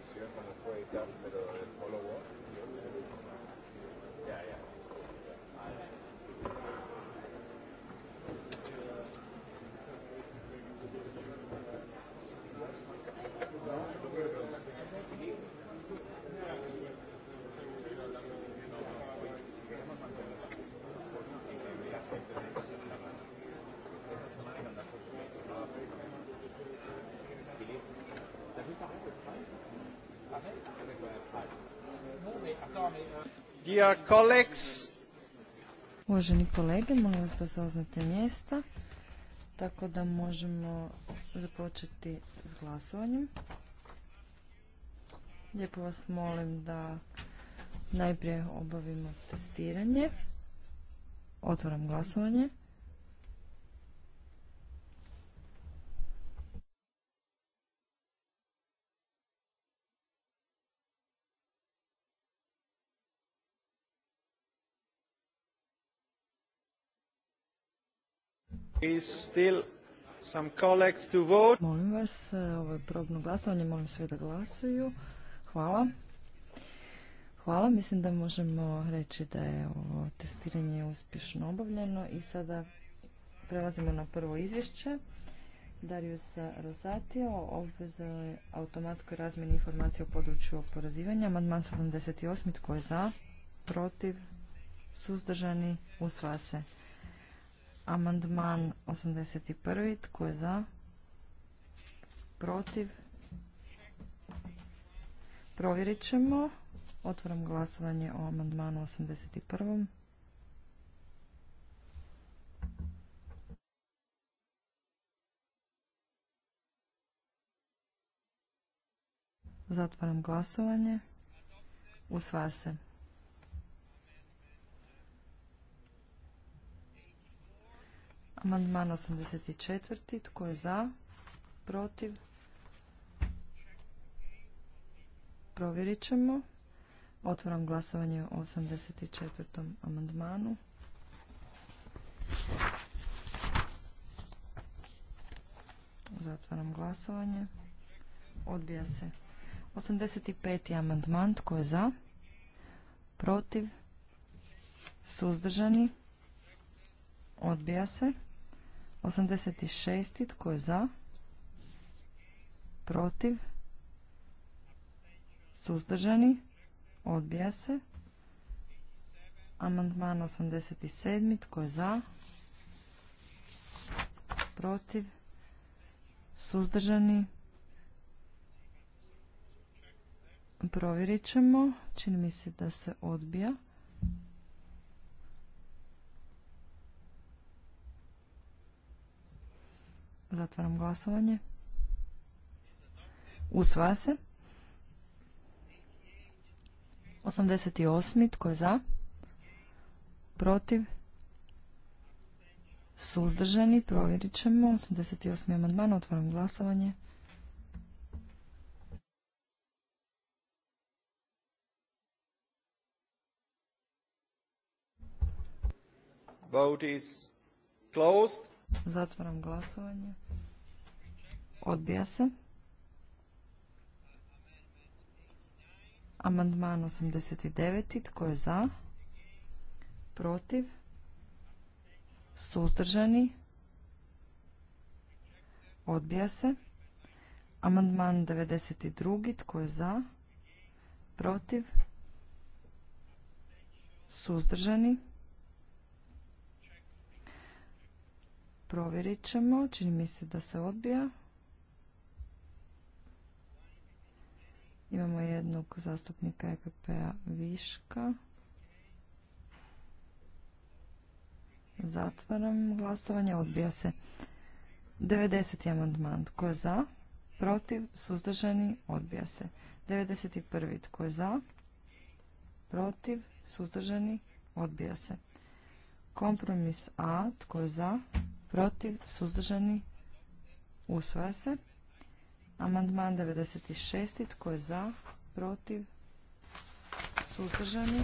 visión como fue y tal, pero Dear Uvaženi kolege, molim vas da saznate mjesta, tako da možemo započeti s glasovanjem. Lijepo vas molim da najprije obavimo testiranje. Otvaram glasovanje. Molim vas, e, ovo je probno glasovanje, molim sve da glasuju. Hvala. Hvala, mislim da možemo reći da je ovo testiranje uspješno obavljeno i sada prelazimo na prvo izvješće. Darius Rosatio o je automatskoj razmjeni informacija o području oporezivanja. Amandman 78. Tko je za? Protiv? Suzdržani? Usva se. Amandman 81. Tko je za? Protiv? Provjerit ćemo. Otvaram glasovanje o amandmanu 81. Zatvaram glasovanje. Usvaja se. Amandman 84. Tko je za? Protiv? Provjerit ćemo. Otvaram glasovanje o 84. amandmanu. Zatvaram glasovanje. Odbija se. 85. amandman. Tko je za? Protiv? Suzdržani? Odbija se. 86. Tko je za? Protiv? Suzdržani? Odbija se. Amandman 87. Tko je za? Protiv? Suzdržani? Provjerit ćemo. Čini mi se da se odbija. Zatvaram glasovanje. Usvaja se. 88. Tko je za? Protiv? Suzdržani? Provjerit ćemo. 88. amandman. Otvaram glasovanje. Vote is closed. Zatvaram glasovanje. Odbija se. Amandman 89. Tko je za? Protiv? Suzdržani? Odbija se. Amandman 92. Tko je za? Protiv? Suzdržani? Provjerit ćemo. Čini mi se da se odbija. Imamo jednog zastupnika EPP-a Viška. Zatvaram glasovanje. Odbija se. 90. amandman. Tko je za? Protiv? Suzdržani? Odbija se. 91. Tko je za? Protiv? Suzdržani? Odbija se. Kompromis A. Tko je za? protiv, suzdržani, usvaja se. Amandman 96. Tko je za, protiv, suzdržani?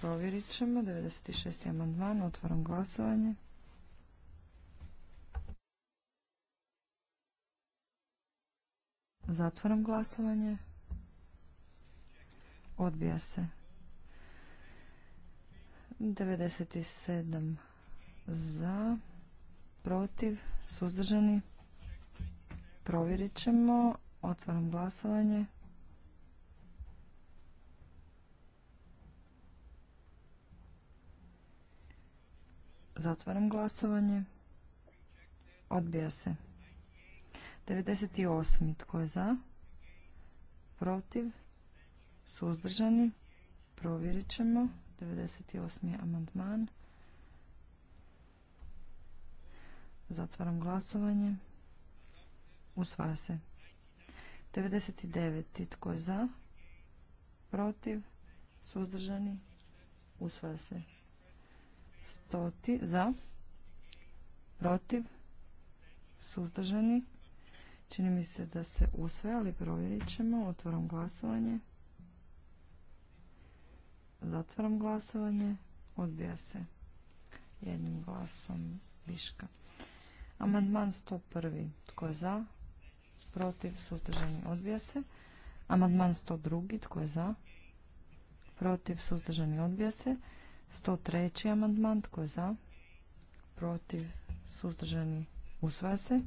Provjerit ćemo. 96. amandman. Otvaram glasovanje. Zatvaram glasovanje. Odbija se. 97 za, protiv, suzdržani. Provjerit ćemo. Otvaram glasovanje. Zatvaram glasovanje. Odbija se. 98. Tko je za? Protiv? Suzdržani? Provjerit ćemo. 98. amandman. Zatvaram glasovanje. Usvaja se. 99. Tko je za? Protiv? Suzdržani? Usvaja se. 100. Za? Protiv? Suzdržani? Čini mi se da se usvaja, ali provjerit ćemo. Otvaram glasovanje. Zatvaram glasovanje. Odbija se jednim glasom viška. Amandman 101. Tko je za? Protiv? Suzdržani? Odbija se. Amandman 102. Tko je za? Protiv? Suzdržani? Odbija se. 103. amandman. Tko je za? Protiv? Suzdržani? Usvaja se.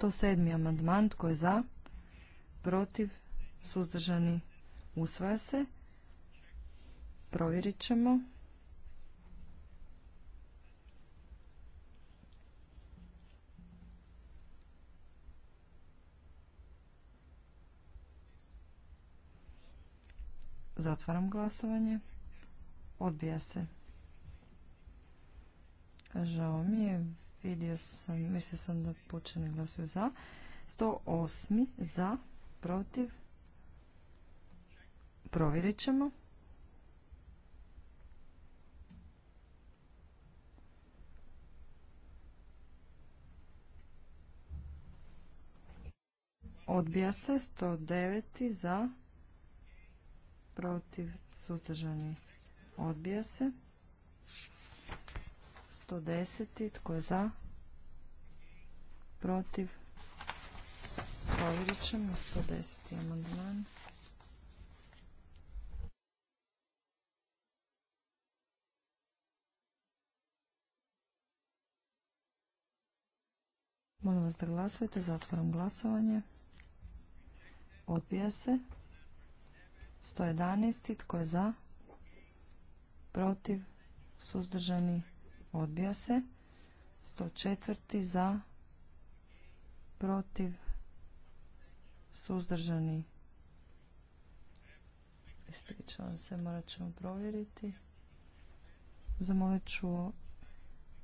107. amandman. Tko je za? Protiv? Suzdržani? Usvaja se. Provjerit ćemo. Zatvaram glasovanje. Odbija se. Žao mi je. Vidio sam, mislio sam da počne glasuju za. 108. za, protiv. Provjerit ćemo. Odbija se 109. za, protiv, suzdržani, odbija se. 110. Tko je za? Protiv? Provjerit ćemo 110. amandman. Molim vas da glasujete. Zatvorim glasovanje. Odbija se. 111. Tko je za? Protiv? Suzdržani? Odbija se. 104. Za? Protiv? Suzdržani? Ispričavam se, morat ćemo provjeriti. Zamolit ću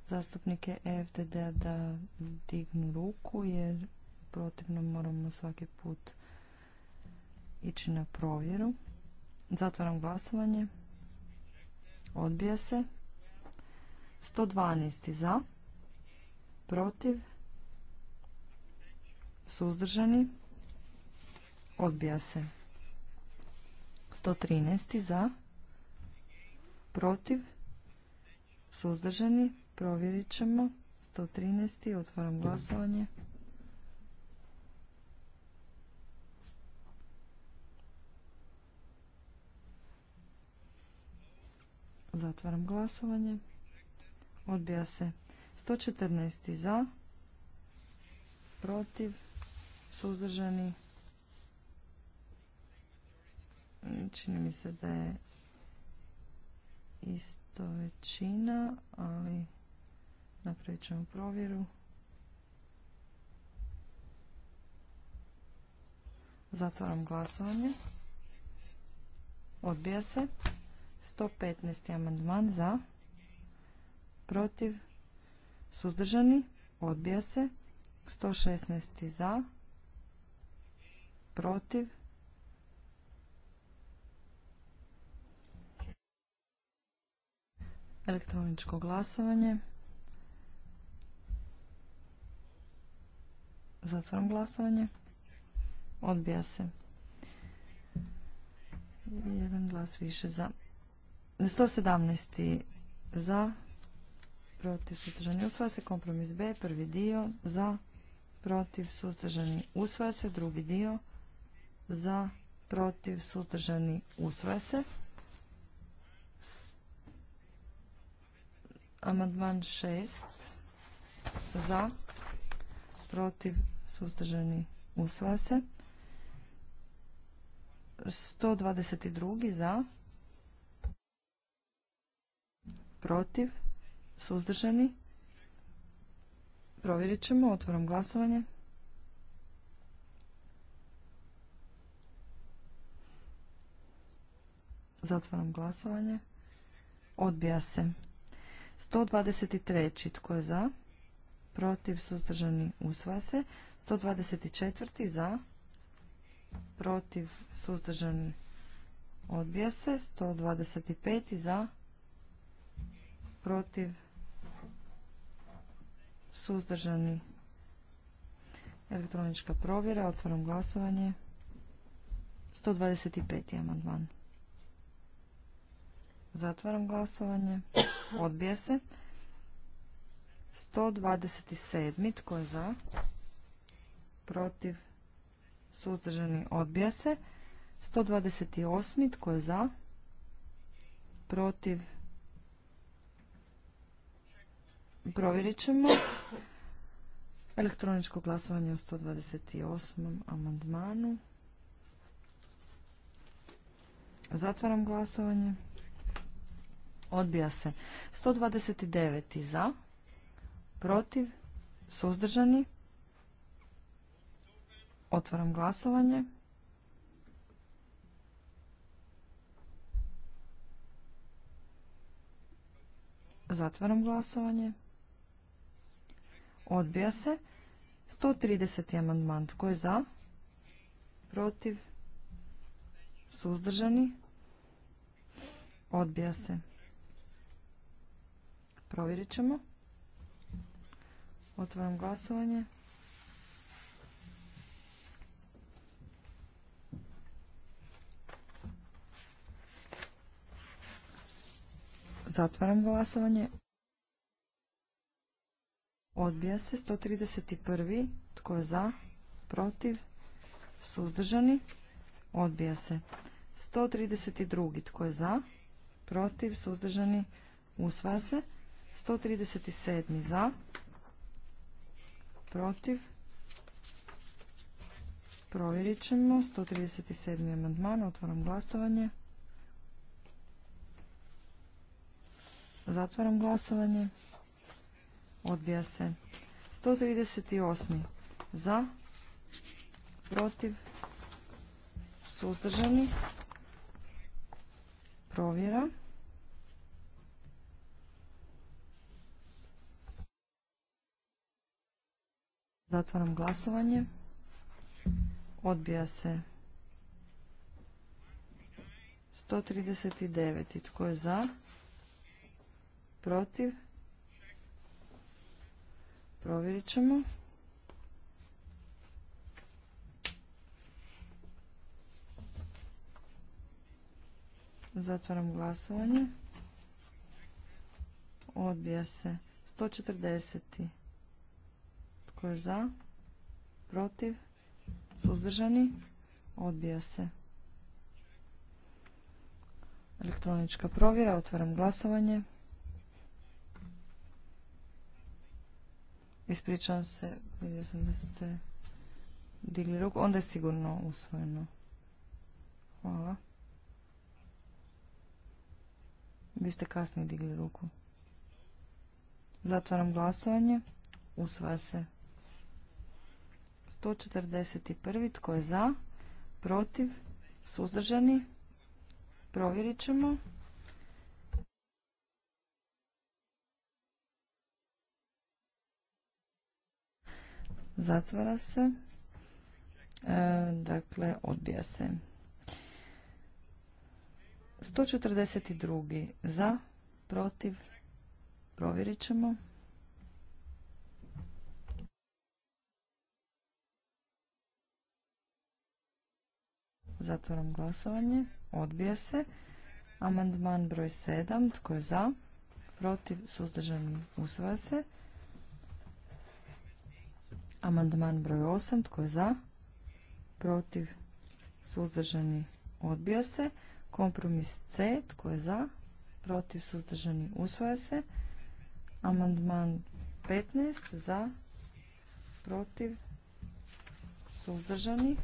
zastupnike efdd da dignu ruku jer protivno moramo svaki put ići na provjeru. Zatvaram glasovanje. Odbija se. 112. za. Protiv. Suzdržani. Odbija se. 113. za. Protiv. Suzdržani. Provjerit ćemo. 113. Otvaram glasovanje. Zatvaram glasovanje. Odbija se. 114. za. Protiv. Suzdržani. Čini mi se da je isto većina, ali napravit ćemo provjeru. Zatvaram glasovanje. Odbija se. 115. amandman za, protiv, suzdržani, odbija se. 116. za, protiv, elektroničko glasovanje. Zatvaram glasovanje. Odbija se. Jedan glas više za. 117. za, protiv, suzdržani, usvaja se. Kompromis B, prvi dio, za, protiv, suzdržani, usvaja se. Drugi dio, za, protiv, suzdržani, usvaja se. Amandman 6, za, protiv, suzdržani, usvaja se. 122. za, protiv, suzdržani. Provjerit ćemo, otvorom glasovanje. Zatvaram glasovanje. Odbija se. 123. Tko je za? Protiv, suzdržani, Usva se. 124. Za? Protiv, suzdržani, odbija se. 125. Za? protiv, suzdržani, elektronička provjera, otvaram glasovanje, 125. amandman. Zatvaram glasovanje, odbije se. 127. tko je za, protiv, suzdržani, odbija se. 128. tko je za, protiv, Provjerit ćemo. Elektroničko glasovanje o 128. amandmanu. Zatvaram glasovanje. Odbija se. 129. za. Protiv. Suzdržani. Otvaram glasovanje. Zatvaram glasovanje. Odbija se. 130. amandman. Tko je za? Protiv? Suzdržani? Odbija se. Provjerit ćemo. Otvaram glasovanje. Zatvaram glasovanje. Odbija se. 131. Tko je za? Protiv? Suzdržani? Odbija se. 132. Tko je za? Protiv? Suzdržani? Usvaja se. 137. Za? Protiv? Provjerit ćemo. 137. amandman. Otvaram glasovanje. Zatvaram glasovanje. Odbija se. 138. Za. Protiv. Suzdržani. Provjera. Zatvaram glasovanje. Odbija se. 139. Tko je za? Protiv? Provjerit ćemo. Zatvaram glasovanje. Odbija se. 140. Tko je za? Protiv? Suzdržani? Odbija se. Elektronička provjera. Otvaram glasovanje. Ispričavam se, vidio sam da ste digli ruku. Onda je sigurno usvojeno. Hvala. Vi ste kasnije digli ruku. Zatvaram glasovanje. Usvaja se. 141. Tko je za? Protiv? Suzdržani? Provjerit ćemo. Zatvara se. E, dakle, odbija se. 142. Za, protiv, provjerit ćemo. Zatvaram glasovanje. Odbija se. Amandman broj 7. Tko je za? Protiv? suzdržan, Usvaja se. Amandman broj 8. Tko je za? Protiv? Suzdržani? Odbija se. Kompromis C. Tko je za? Protiv? Suzdržani? usvoja se. Amandman 15. Za? Protiv? Suzdržani?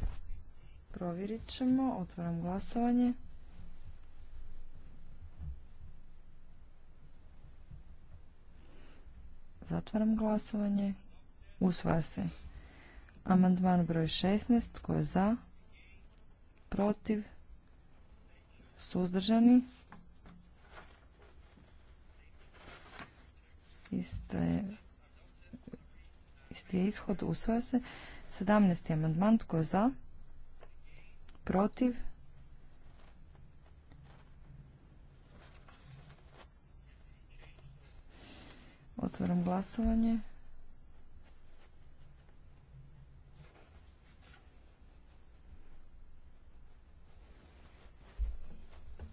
Provjerit ćemo. Otvaram glasovanje. Zatvaram glasovanje. Usvaja se. Amandman broj 16. Tko je za? Protiv? Suzdržani? isti je ishod. Usvaja se. 17. amandman. Tko je za? Protiv? Otvaram glasovanje.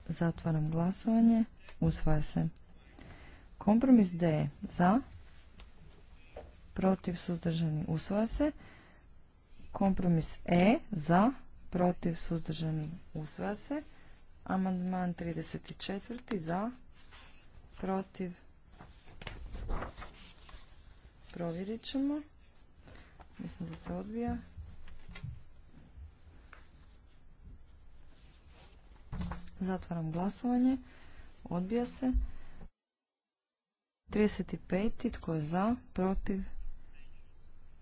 Zatvaram glasovanje. Usvaja se. Kompromis D za. Protiv suzdržani usvaja se. Kompromis E za. Protiv suzdržani usvaja se. Amandman 34. za. Protiv. Provjerit ćemo. Mislim da se odbija. Zatvaram glasovanje. Odbija se. 35. Tko je za? Protiv?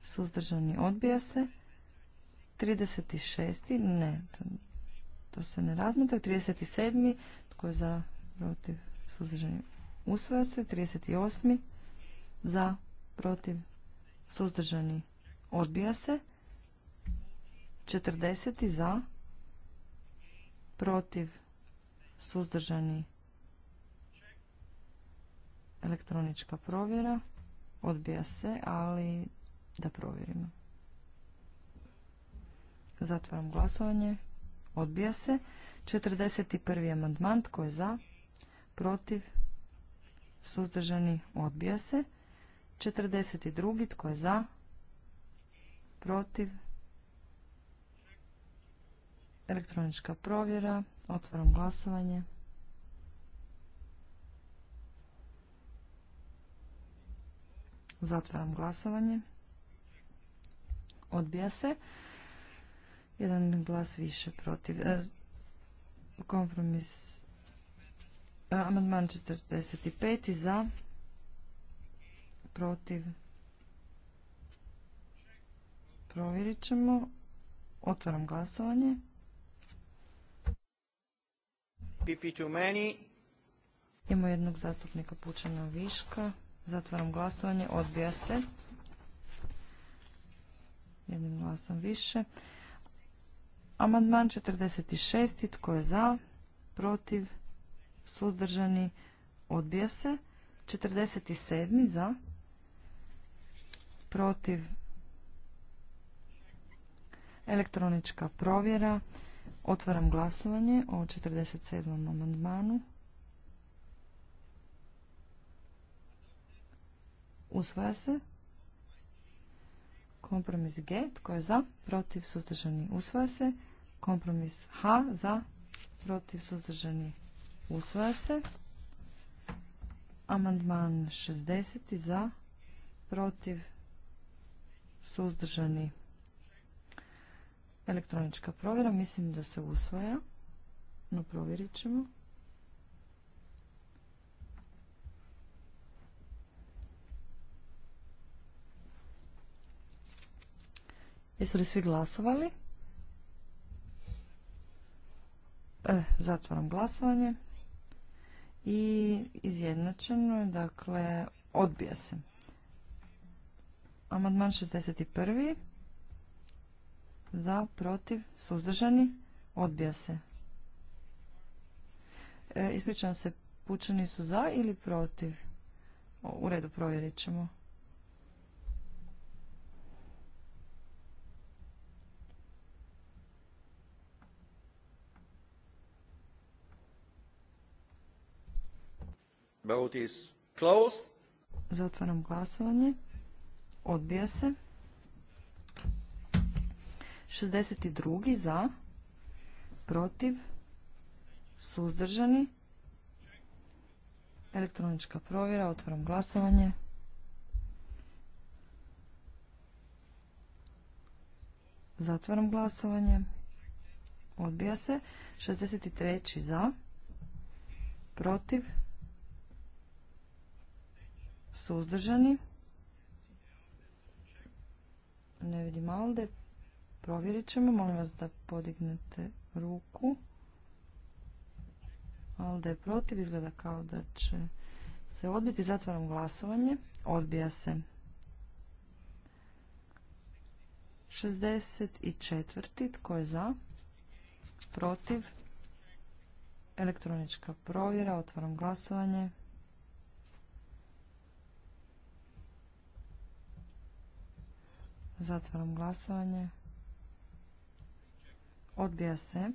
Suzdržani? Odbija se. 36. Ne. To se ne razmeta. 37. Tko je za? Protiv? Suzdržani? Usvaja se. 38. Za? Protiv? Suzdržani? Odbija se. 40. Za? Protiv? suzdržani, elektronička provjera, odbija se, ali da provjerimo. Zatvaram glasovanje, odbija se. 41. amandman, tko je za, protiv, suzdržani, odbija se. 42. tko je za, protiv, Elektronička provjera. Otvaram glasovanje. Zatvaram glasovanje. Odbija se. Jedan glas više protiv. E, kompromis. E, amandman 45. Za. Protiv. Provjerit ćemo. Otvaram glasovanje. PP Imamo jednog zastupnika Pučana Viška. Zatvaram glasovanje. Odbija se. Jednim glasom više. Amandman 46. Tko je za? Protiv? Suzdržani? Odbija se. 47. Za? Protiv? Elektronička provjera. Otvaram glasovanje o 47. amandmanu. Usvaja se. Kompromis G, tko je za, protiv, suzdržani, usvaja se. Kompromis H, za, protiv, suzdržani, usvaja se. Amandman 60. za, protiv, suzdržani, usvaja se Elektronička provjera, mislim da se usvaja, no provjerit ćemo. Jesu li svi glasovali? E, zatvaram glasovanje. I izjednačeno je, dakle, odbija se. Amandman 61 za, protiv, suzdržani, odbija se. E, ispričavam se, pučani su za ili protiv? O, u redu, provjerit ćemo. Zatvaram glasovanje. Odbija se. 62. za, protiv, suzdržani. Elektronička provjera, otvaram glasovanje. Zatvaram glasovanje. Odbija se. 63. za. Protiv. Suzdržani. Ne vidim alde. Provjerit ćemo. Molim vas da podignete ruku. da je protiv. Izgleda kao da će se odbiti. Zatvaram glasovanje. Odbija se. 64. Tko je za? Protiv? Elektronička provjera. Otvaram glasovanje. Zatvaram glasovanje. Odbija se.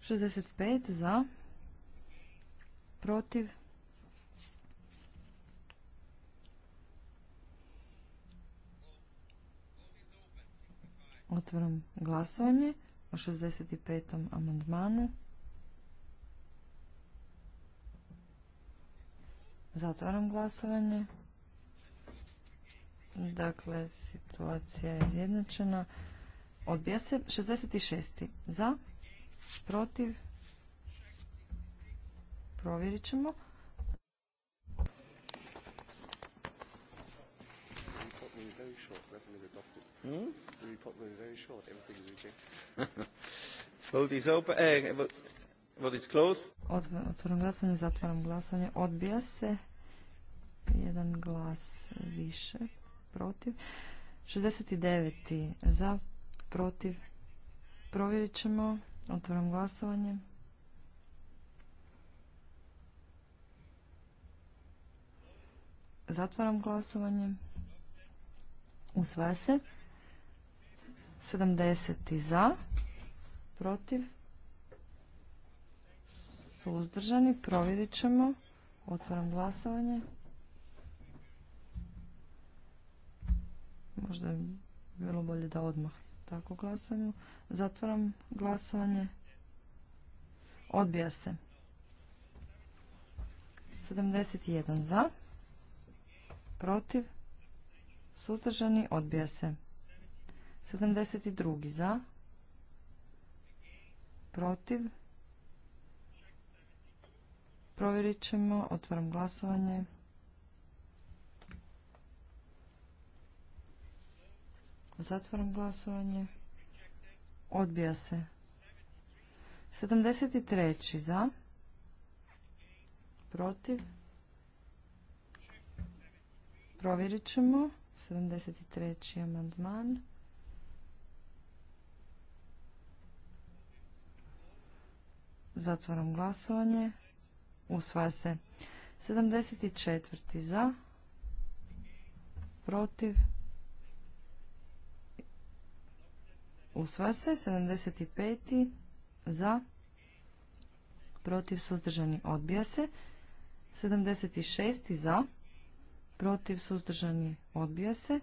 65 za. Protiv. Otvaram glasovanje o 65. amandmanu. Zatvaram glasovanje. Dakle, situacija je izjednačena. Odbija se. 66. Za. Protiv. Provjerit ćemo. Hmm? very short. Everything is is open. Eh, is closed. glasanje, zatvaram glasanje. Odbija se. Jedan glas više protiv. 69. za protiv? Provjerit ćemo. Otvaram glasovanje. Zatvaram glasovanje. Usvaja se. 70 za, protiv, suzdržani. Provjerit ćemo. Otvaram glasovanje. Možda je bilo bolje da odmah tako glasanju. Zatvaram glasovanje. Odbija se. 71 za. Protiv. Suzdržani. Odbija se. 72 za. Protiv. Provjerit ćemo. Otvaram glasovanje. Zatvaram glasovanje. Odbija se. 73. za. Protiv. Provjerit ćemo. 73. amandman. Zatvaram glasovanje. Usvaja se. 74. za. Protiv. Usva se. 75. za. Protiv suzdržani odbija se. 76. za. Protiv suzdržani odbija se.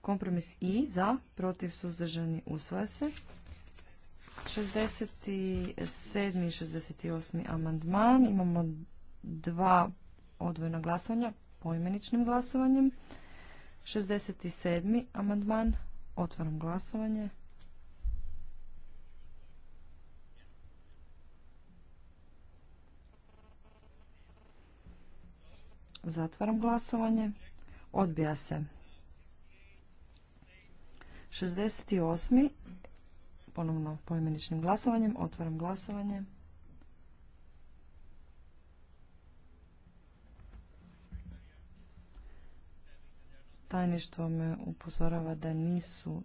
Kompromis I za. Protiv suzdržani usvaja se. 67. i 68. amandman. Imamo dva odvojena glasovanja poimeničnim glasovanjem. 67. amandman. Otvaram glasovanje. Zatvaram glasovanje. Odbija se. 68. Ponovno poimeničnim glasovanjem. Otvaram glasovanje. Tajništvo me upozorava da nisu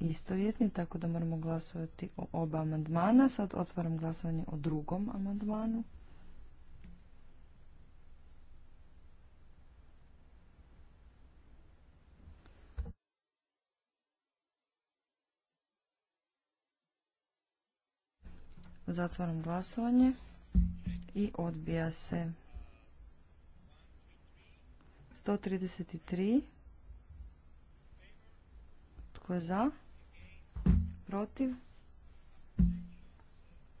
istovjetni, tako da moramo glasovati o oba amandmana. Sad otvaram glasovanje o drugom amandmanu. Zatvaram glasovanje i odbija se. 133 tko je za? Protiv?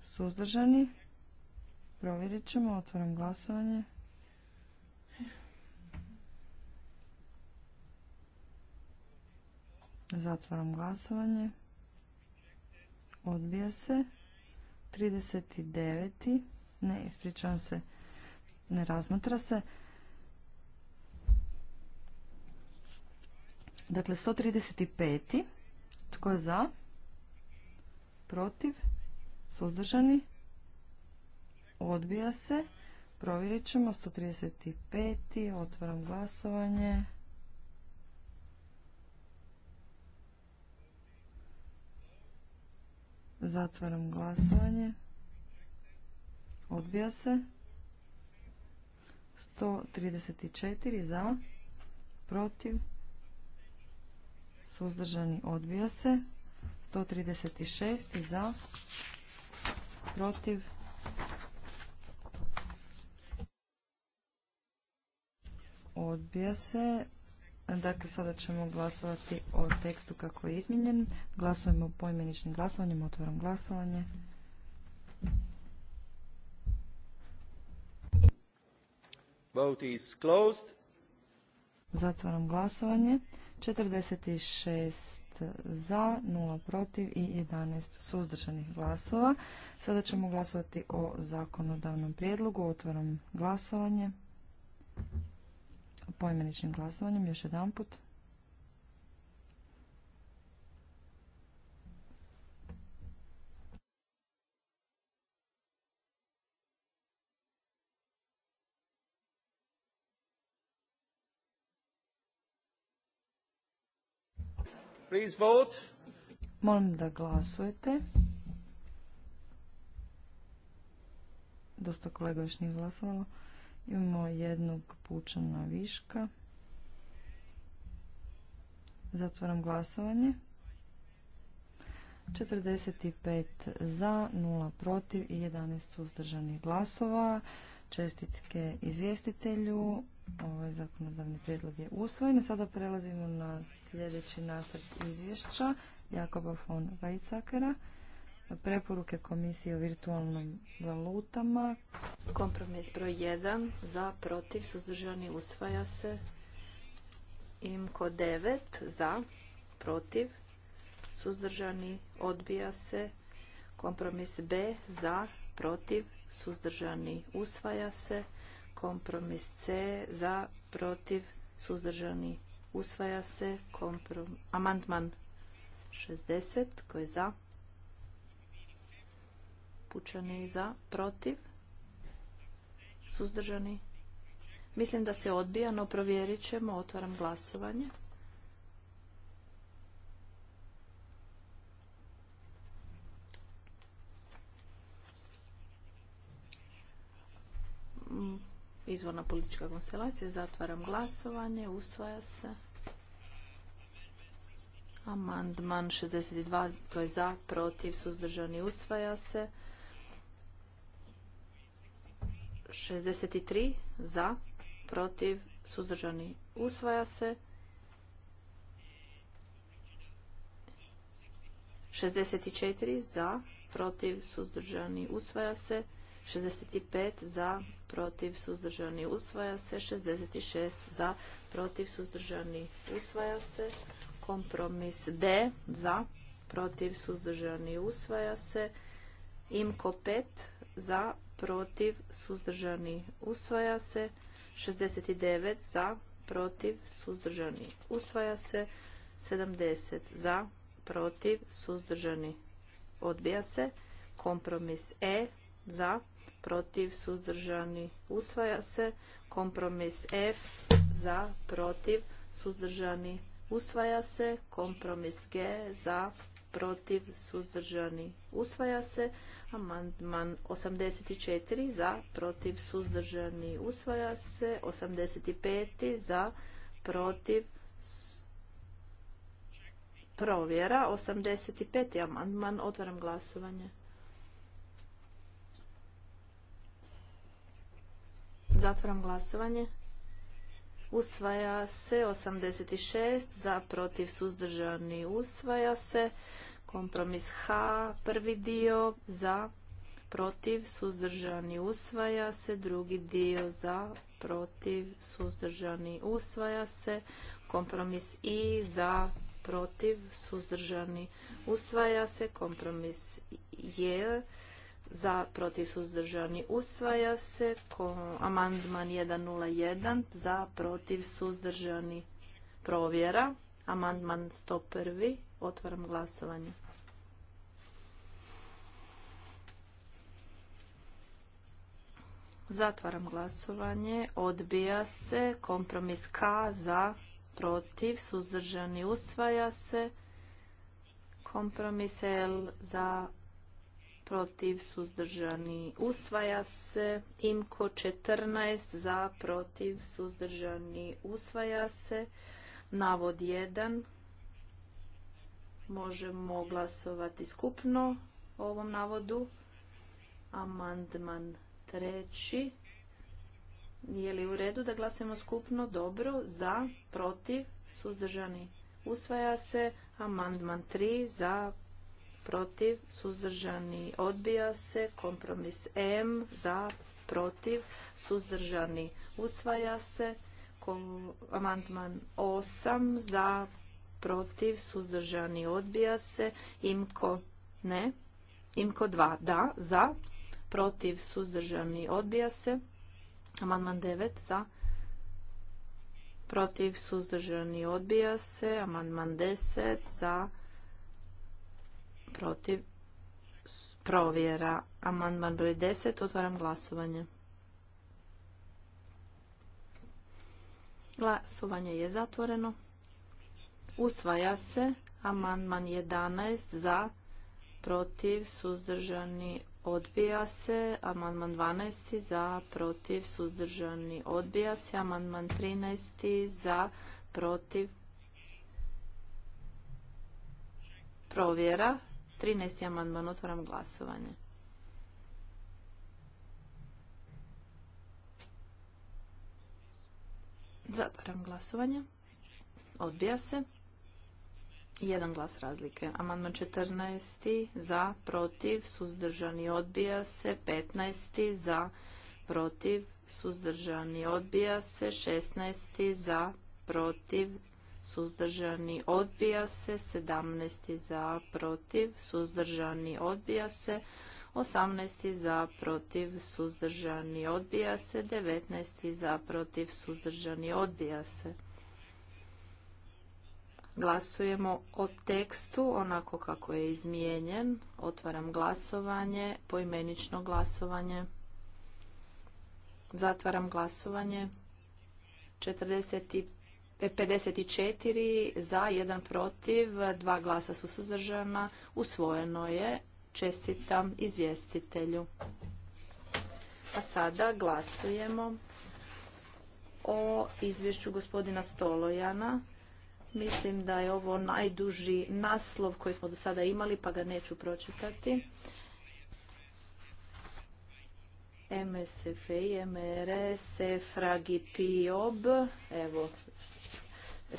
Suzdržani? Provjerit ćemo. Otvaram glasovanje. Zatvaram glasovanje. Odbija se. 39. Ne, ispričavam se. Ne razmatra se. Dakle, 135. Tko je za? Protiv? Suzdržani? Odbija se. Provjerit ćemo. 135. Otvaram glasovanje. Zatvaram glasovanje. Odbija se. 134 za, protiv, suzdržani, odbija se. 136 za, protiv, odbija se. Dakle, sada ćemo glasovati o tekstu kako je izmijenjen. Glasujemo poimeničnim glasovanjem, otvaram glasovanje. Vote is closed. Zatvaram glasovanje. 46 za, 0 protiv i 11 suzdržanih glasova. Sada ćemo glasovati o zakonodavnom prijedlogu. Otvaram glasovanje. Pojmeničnim glasovanjem još jedan put. Molim da glasujete. Dosta kolega još nije glasovalo. Imamo jednog pučana viška. Zatvaram glasovanje. 45 za, 0 protiv i 11 suzdržanih glasova. Čestitke izvjestitelju. Ovaj zakonodavni prijedlog je usvojen. Sada prelazimo na sljedeći nacrt izvješća Jakoba von Weizsackera. Preporuke komisije o virtualnim valutama. Kompromis broj 1. Za, protiv, suzdržani, usvaja se. Imko 9. Za, protiv, suzdržani, odbija se. Kompromis B. Za, protiv, suzdržani, usvaja se kompromis C za protiv suzdržani usvaja se amandman 60 koji je za pučani za protiv suzdržani mislim da se odbija no provjerit ćemo otvaram glasovanje Izvorna politička konstelacija. Zatvaram glasovanje. Usvaja se. Amandman 62. To je za, protiv, suzdržani. Usvaja se. 63. Za, protiv, suzdržani. Usvaja se. 64. Za, protiv, suzdržani. Usvaja se. 65 za, protiv, suzdržani, usvaja se. 66 za, protiv, suzdržani, usvaja se. Kompromis D za, protiv, suzdržani, usvaja se. Imko 5 za, protiv, suzdržani, usvaja se. 69 za, protiv, suzdržani, usvaja se. 70 za, protiv, suzdržani, odbija se. Kompromis E za, protiv, suzdržani, usvaja se. Kompromis F za, protiv, suzdržani, usvaja se. Kompromis G za, protiv, suzdržani, usvaja se. Amandman 84 za, protiv, suzdržani, usvaja se. 85 za, protiv, provjera. 85. amandman, otvaram glasovanje. Zatvaram glasovanje. Usvaja se 86 za protiv suzdržani usvaja se. Kompromis H prvi dio za protiv suzdržani usvaja se. Drugi dio za protiv suzdržani usvaja se. Kompromis I za protiv suzdržani usvaja se. Kompromis J za, protiv, suzdržani, usvaja se. Ko, amandman 101 za, protiv, suzdržani, provjera. Amandman 101. Otvaram glasovanje. Zatvaram glasovanje. Odbija se. Kompromis K za, protiv, suzdržani, usvaja se. Kompromis L za, protiv, suzdržani, usvaja se. Imko 14 za, protiv, suzdržani, usvaja se. Navod 1. Možemo glasovati skupno o ovom navodu. Amandman treći. Je li u redu da glasujemo skupno? Dobro. Za, protiv, suzdržani, usvaja se. Amandman 3 za, protiv, suzdržani, odbija se. Kompromis M za, protiv, suzdržani, usvaja se. Amandman 8 za, protiv, suzdržani, odbija se. Imko ne. Imko 2 da, za, protiv, suzdržani, odbija se. Amandman 9 za, protiv, suzdržani, odbija se. Amandman 10 za, protiv, provjera. Amandman broj 10, otvaram glasovanje. Glasovanje je zatvoreno. Usvaja se amandman 11 za, protiv, suzdržani, odbija se. Amandman 12 za, protiv, suzdržani, odbija se. Amandman 13 za, protiv, provjera. 13. amandman. Otvaram glasovanje. Zatvaram glasovanje. Odbija se. Jedan glas razlike. Amandman 14. Za, protiv, suzdržani, odbija se. 15. Za, protiv, suzdržani, odbija se. 16. Za, protiv, suzdržani, odbija se. 17. za, protiv, suzdržani, odbija se. 18. za, protiv, suzdržani, odbija se. 19. za, protiv, suzdržani, odbija se. Glasujemo o tekstu onako kako je izmijenjen. Otvaram glasovanje, poimenično glasovanje. Zatvaram glasovanje. 45 54 za, jedan protiv, dva glasa su suzdržana. Usvojeno je. Čestitam izvjestitelju. A sada glasujemo o izvješću gospodina Stolojana. Mislim da je ovo najduži naslov koji smo do sada imali, pa ga neću pročitati. MSF, MRS, Fragipiob, Evo,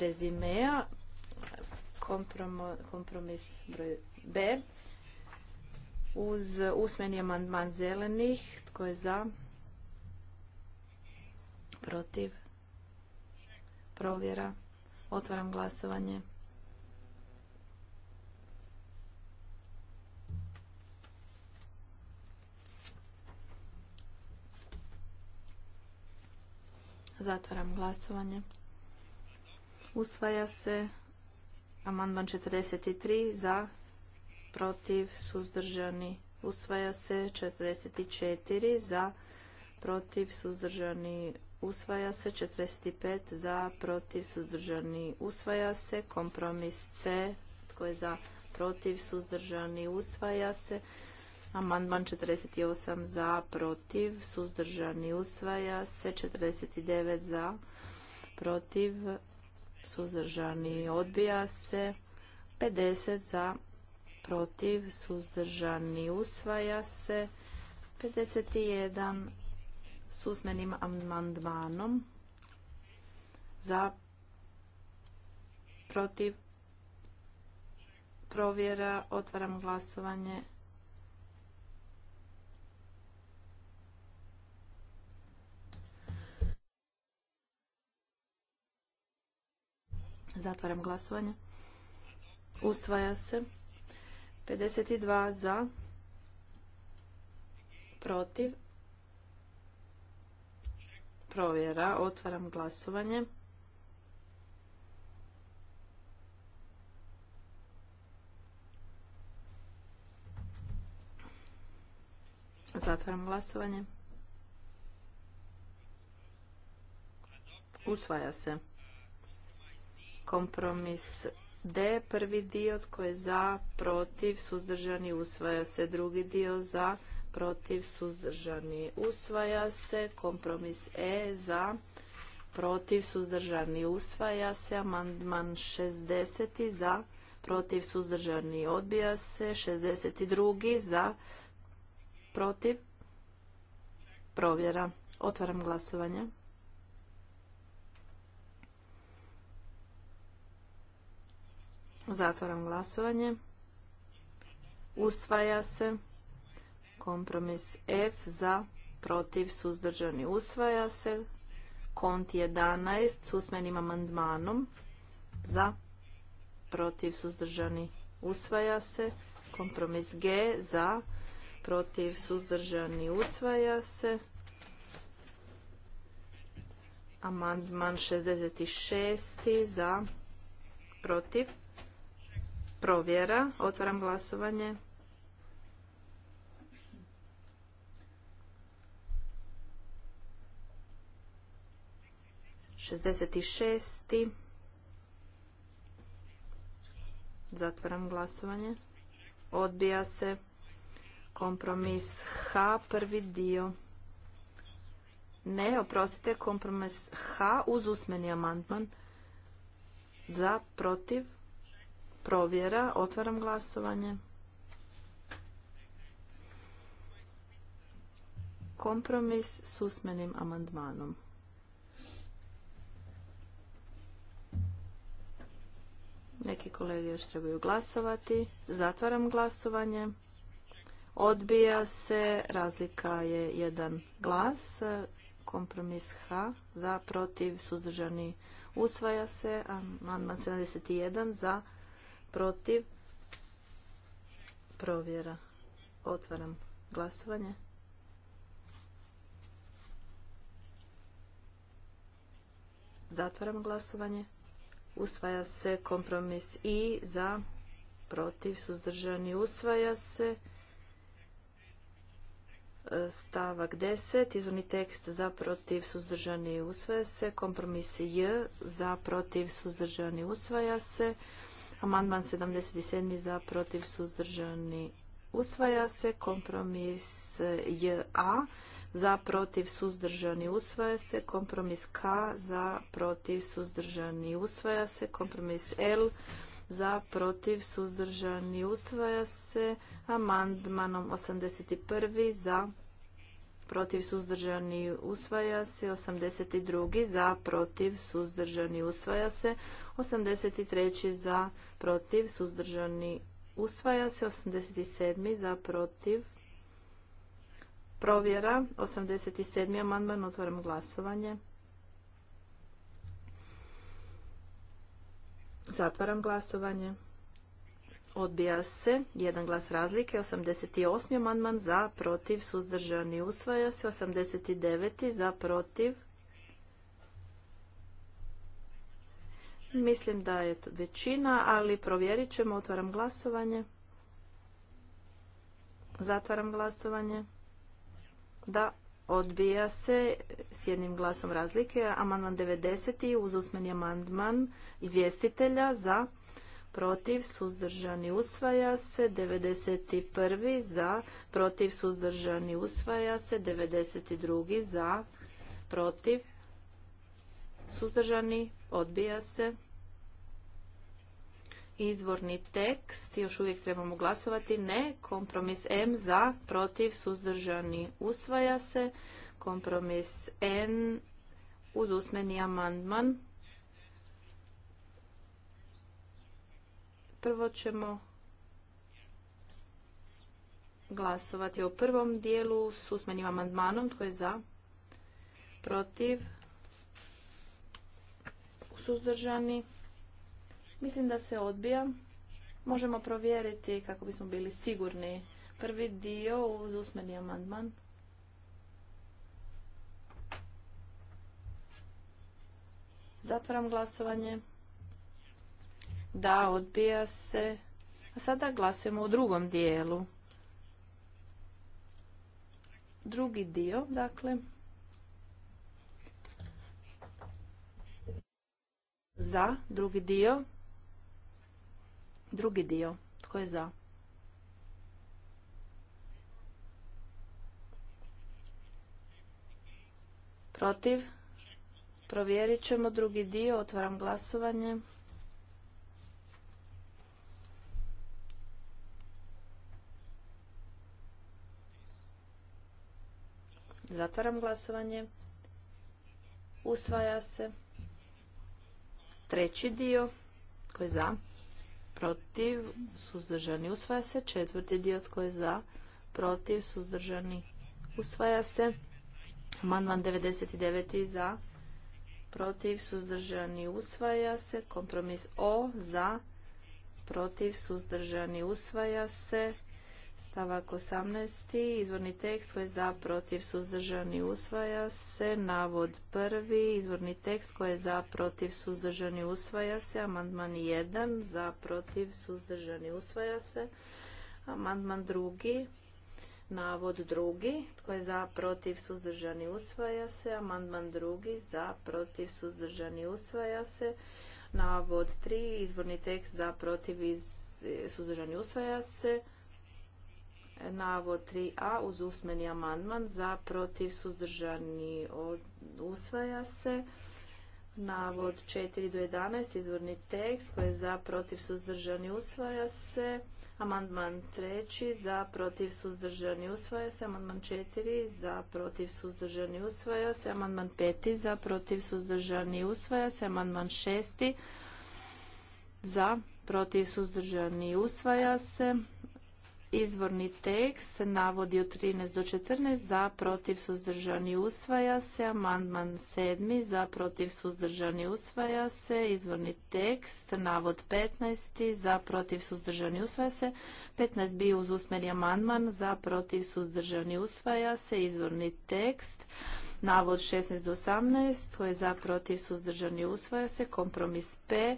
rezimea, kompromis broj B, uz usmeni amandman zelenih, tko je za, protiv, provjera, otvaram glasovanje. Zatvaram glasovanje. Usvaja se amandman 43 za, protiv, suzdržani. Usvaja se 44 za, protiv, suzdržani. Usvaja se 45 za, protiv, suzdržani. Usvaja se kompromis C, tko je za, protiv, suzdržani. Usvaja se Amandman 48 za, protiv, suzdržani usvaja se, 49 za, protiv, suzdržani odbija se, 50 za protiv, suzdržani usvaja se, 51 s usmenim amandmanom za protiv provjera, otvaram glasovanje, Zatvaram glasovanje. Usvaja se. 52 za. Protiv. Provjera. Otvaram glasovanje. Zatvaram glasovanje. Usvaja se. Kompromis D, prvi dio tko je za, protiv, suzdržani, usvaja se. Drugi dio za, protiv, suzdržani, usvaja se. Kompromis E, za, protiv, suzdržani, usvaja se. Amandman 60. za, protiv, suzdržani, odbija se. 62. za, protiv, provjera. Otvaram glasovanje. Zatvaram glasovanje. Usvaja se. Kompromis F za protiv suzdržani usvaja se. Kont 11 s usmenim amandmanom za protiv suzdržani usvaja se. Kompromis G za protiv suzdržani usvaja se. Amandman 66 za protiv Provjera. Otvaram glasovanje. Šestdeset šest zatvaram glasovanje. Odbija se kompromis H, prvi dio. Ne, oprostite, kompromis H uz usmeni amandman. Za, protiv, Provjera. Otvaram glasovanje. Kompromis s usmenim amandmanom. Neki kolege još trebaju glasovati. Zatvaram glasovanje. Odbija se, razlika je jedan glas, kompromis H, za, protiv, suzdržani, usvaja se, amandman 71, za, protiv, provjera. Otvaram glasovanje. Zatvaram glasovanje. Usvaja se kompromis i za, protiv, suzdržani. Usvaja se e, stavak 10. Izvorni tekst za, protiv, suzdržani. Usvaja se. Kompromis j za, protiv, suzdržani. Usvaja se. Amandman 77. za protiv suzdržani usvaja se. Kompromis JA za protiv suzdržani usvaja se. Kompromis K za protiv suzdržani usvaja se. Kompromis L za protiv suzdržani usvaja se. Amandmanom 81. za protiv suzdržani usvaja se, 82. za, protiv suzdržani usvaja se, 83. za, protiv suzdržani usvaja se, 87. za, protiv provjera, 87. amandman, otvaram glasovanje. Zatvaram glasovanje. Odbija se jedan glas razlike, 88. amandman za, protiv, suzdržani, usvaja se, 89. za, protiv. Mislim da je to većina, ali provjerit ćemo, otvaram glasovanje. Zatvaram glasovanje. Da, odbija se s jednim glasom razlike, amandman 90. uz usmeni amandman izvjestitelja za, protiv, suzdržani, usvaja se. 91. za, protiv, suzdržani, usvaja se. 92. za, protiv, suzdržani, odbija se. Izvorni tekst, još uvijek trebamo glasovati, ne. Kompromis M za, protiv, suzdržani, usvaja se. Kompromis N uz usmeni amandman Prvo ćemo glasovati o prvom dijelu s usmenim amandmanom. Tko je za? Protiv? Suzdržani? Mislim da se odbija. Možemo provjeriti kako bismo bili sigurni. Prvi dio uz usmeni amandman. Zatvaram glasovanje. Da, odbija se. A sada glasujemo u drugom dijelu. Drugi dio, dakle. Za, drugi dio. Drugi dio. Tko je za? Protiv? Provjerit ćemo drugi dio. Otvaram glasovanje. Zatvaram glasovanje. Usvaja se. Treći dio. Tko je za? Protiv. Suzdržani. Usvaja se. Četvrti dio. Tko je za? Protiv. Suzdržani. Usvaja se. Manvan 99. za. Protiv. Suzdržani. Usvaja se. Kompromis O. Za. Protiv. Suzdržani. Usvaja se. Stavak 18. Izvorni tekst koji je za, protiv, suzdržani, usvaja se. Navod prvi. Izvorni tekst koji je za, protiv, suzdržani, usvaja se. Amandman 1. Za, protiv, suzdržani, usvaja se. Amandman drugi. Navod drugi. Tko je za, protiv, suzdržani, usvaja se. Amandman drugi. Za, protiv, suzdržani, usvaja se. Navod 3. Izvorni tekst za, protiv, suzdržani, usvaja se navod 3a uz usmeni amandman za protiv suzdržani usvaja se. Navod 4 do 11 izvorni tekst koji je za protiv suzdržani usvaja se. Amandman 3 za protiv suzdržani usvaja se. Amandman 4 za protiv suzdržani usvaja se. Amandman 5 za protiv suzdržani usvaja se. Amandman 6 za protiv suzdržani usvaja se. Izvorni tekst navodi od 13 do 14 za protiv suzdržani usvaja se, amandman 7 za protiv suzdržani usvaja se, izvorni tekst navod 15 za protiv suzdržani usvaja se, 15 bi uz usmeni amandman za protiv suzdržani usvaja se, izvorni tekst navod 16 do 18 je za protiv suzdržani usvaja se, kompromis P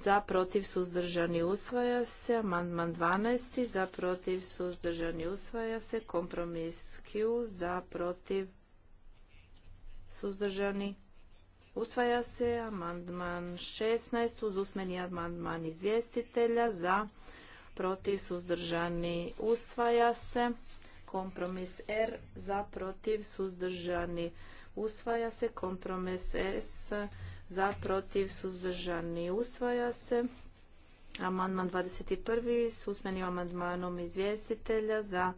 za protiv suzdržani usvaja se, amandman 12 za protiv suzdržani usvaja se, kompromis Q za protiv suzdržani usvaja se, amandman 16 uz usmeni amandman izvjestitelja za protiv suzdržani usvaja se, kompromis R za protiv suzdržani usvaja se, kompromis S za, protiv, suzdržani, usvaja se. Amandman 21. s usmenim amandmanom izvjestitelja za,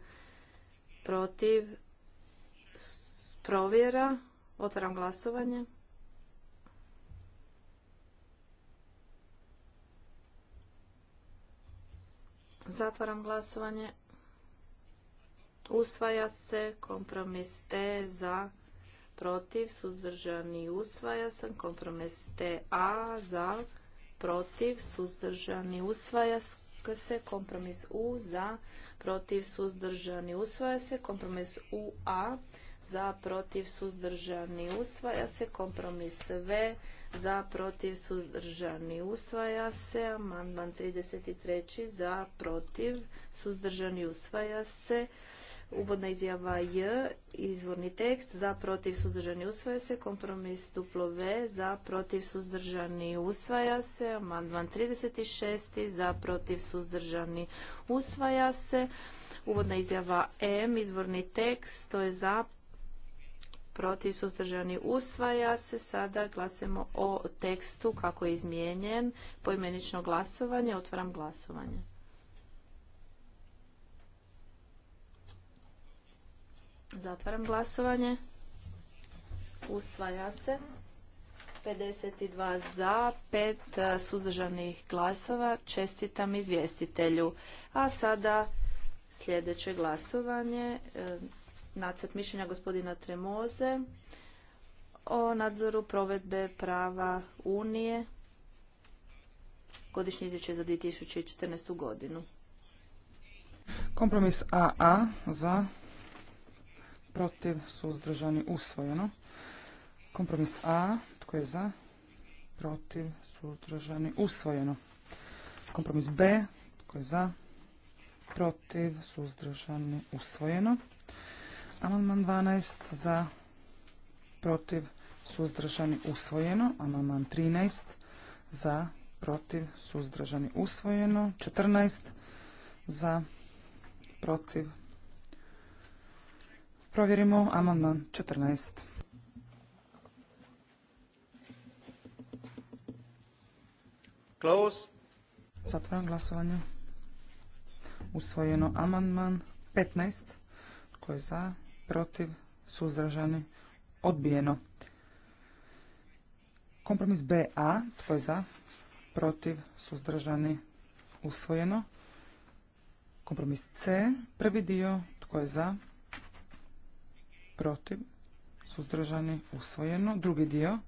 protiv, provjera. Otvaram glasovanje. Zatvaram glasovanje. Usvaja se kompromis te za protiv, suzdržani, usvaja sam. Kompromis TA za, protiv, suzdržani, usvaja se. Kompromis U za, protiv suzdržani usvaja se. Kompromis U A, za protiv suzdržani usvaja se. Kompromis V za protiv suzdržani usvaja se. Amandman 33 za protiv suzdržani usvaja se. Uvodna izjava J, izvorni tekst, za protiv suzdržani usvaja se, kompromis duplo V, za protiv suzdržani usvaja se, amandman 36, za protiv suzdržani usvaja se, Uvodna izjava M, izvorni tekst, to je za, protiv, suzdržani, usvaja se. Sada glasujemo o tekstu kako je izmijenjen, poimenično glasovanje, otvaram glasovanje. Zatvaram glasovanje. Usvaja se. 52 za, 5 eh, suzdržanih glasova. Čestitam izvjestitelju. A sada Sljedeće glasovanje, e, nacrt mišljenja gospodina Tremoze o nadzoru provedbe prava Unije, godišnje izvješće za 2014. godinu. Kompromis AA za protiv suzdržani usvojeno. Kompromis A, tko je za, protiv suzdržani usvojeno. Kompromis B, tko je za, protiv, suzdržani, usvojeno. Amandman 12 za, protiv, suzdržani, usvojeno. Amandman 13 za, protiv, suzdržani, usvojeno. 14 za, protiv. Provjerimo amandman 14. Close. glasovanje usvojeno. Amandman 15. Tko je za? Protiv? Suzdržani? Odbijeno. Kompromis BA. Tko je za? Protiv? Suzdržani? Usvojeno. Kompromis C. Prvi dio. Tko je za? Protiv? Suzdržani? Usvojeno. Drugi dio.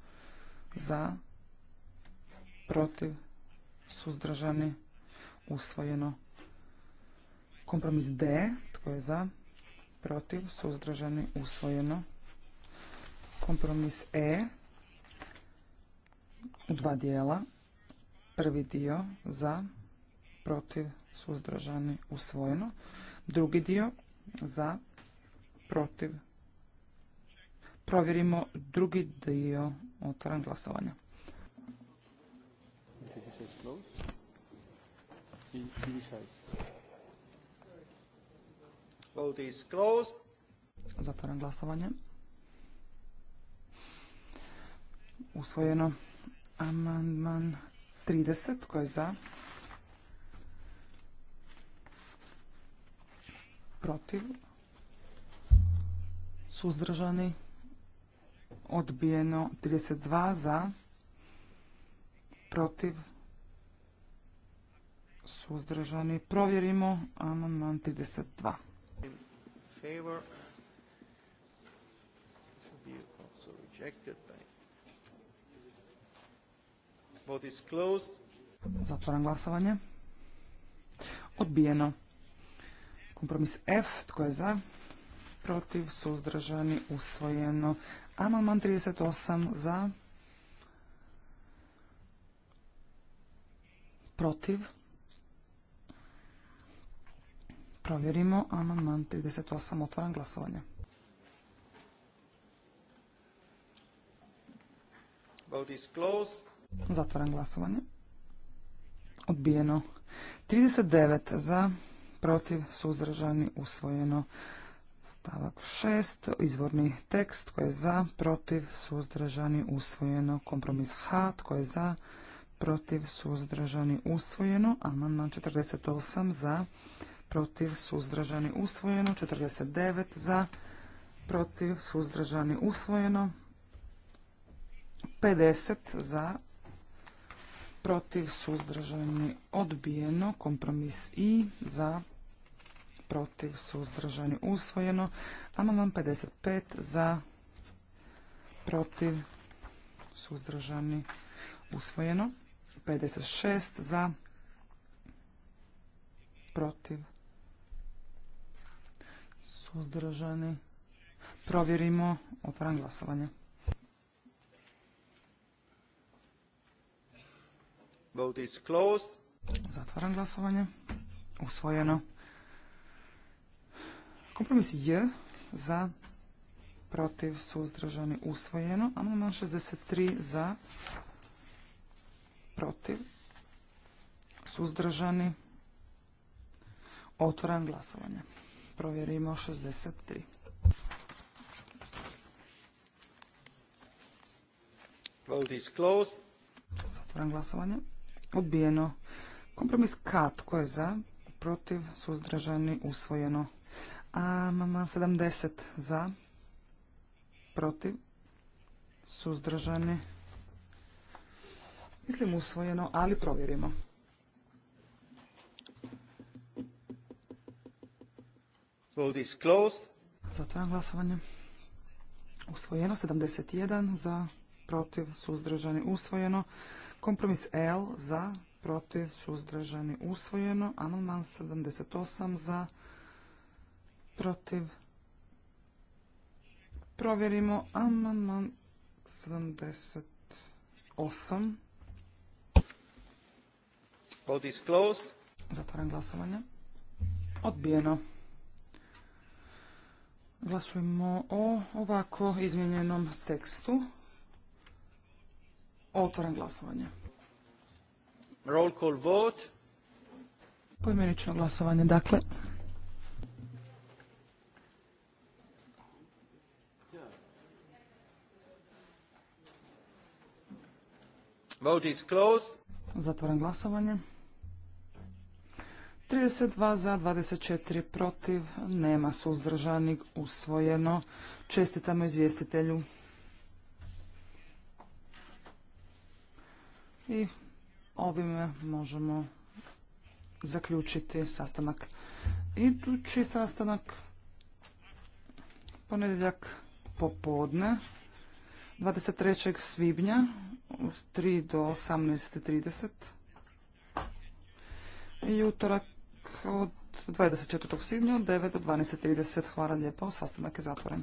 Za? Protiv? Suzdržani? Usvojeno. Kompromis D. Tko je za? Protiv. Suzdržani. Usvojeno. Kompromis E. U dva dijela. Prvi dio za. Protiv. Suzdržani. Usvojeno. Drugi dio za. Protiv. Provjerimo drugi dio. Otvaram glasovanja. Vote is Zatvaram glasovanje. Usvojeno. Amandman 30. Tko je za? Protiv? Suzdržani? Odbijeno. 32 za? Protiv? Suzdržani? Provjerimo. Amandman 32 favor? This will be also rejected by... Vote is closed. Zatvaram glasovanje. Odbijeno. Kompromis F. Tko je za? Protiv. Suzdržani. Usvojeno. Amalman 38. Za. Protiv. Provjerimo amandman 38. Otvaram glasovanje. Zatvaram glasovanje. Odbijeno. 39 za, protiv, suzdržani, usvojeno. Stavak 6. Izvorni tekst. Tko je za, protiv, suzdržani, usvojeno. Kompromis H. Tko je za, protiv, suzdržani, usvojeno. Amandman 48 za, protiv, suzdržani, usvojeno. 49 za, protiv, suzdržani, usvojeno. 50 za, protiv, suzdržani, odbijeno. Kompromis I za, protiv, suzdržani, usvojeno. Amandman 55 za, protiv, suzdržani, usvojeno. 56 za, protiv, suzdržani. Provjerimo, otvaram glasovanje. Vote is closed. Zatvaram glasovanje. Usvojeno. Kompromis je za, protiv, suzdržani, usvojeno. Amandman 63 za, protiv, suzdržani, otvaram glasovanje provjerimo 63. Vote glasovanje. Odbijeno. Kompromis K. Tko je za? Protiv? Suzdržani? Usvojeno. Amandman 70 za. Protiv? Suzdržani? Mislim usvojeno, ali provjerimo. Vote disclose. Zatvaram glasovanje. Usvojeno 71 za, protiv, suzdržani, usvojeno. Kompromis L za, protiv, suzdržani, usvojeno. Amandman 78 za, protiv. Provjerimo amandman 78. Vote is closed. Zatvaram glasovanje. Odbijeno. Glasujemo o ovako izmijenjenom tekstu. Otvaram glasovanje. Roll call vote. glasovanje, dakle. Vote is closed. glasovanje. 32 za, 24 protiv, nema suzdržanih, usvojeno. Čestitamo izvjestitelju. I ovime možemo zaključiti sastanak. Idući sastanak ponedjeljak popodne 23. svibnja 3 do 18.30 i utorak od 24. svibnja od 9 do 12.30. Hvala lijepo. sastanak je zatvoren.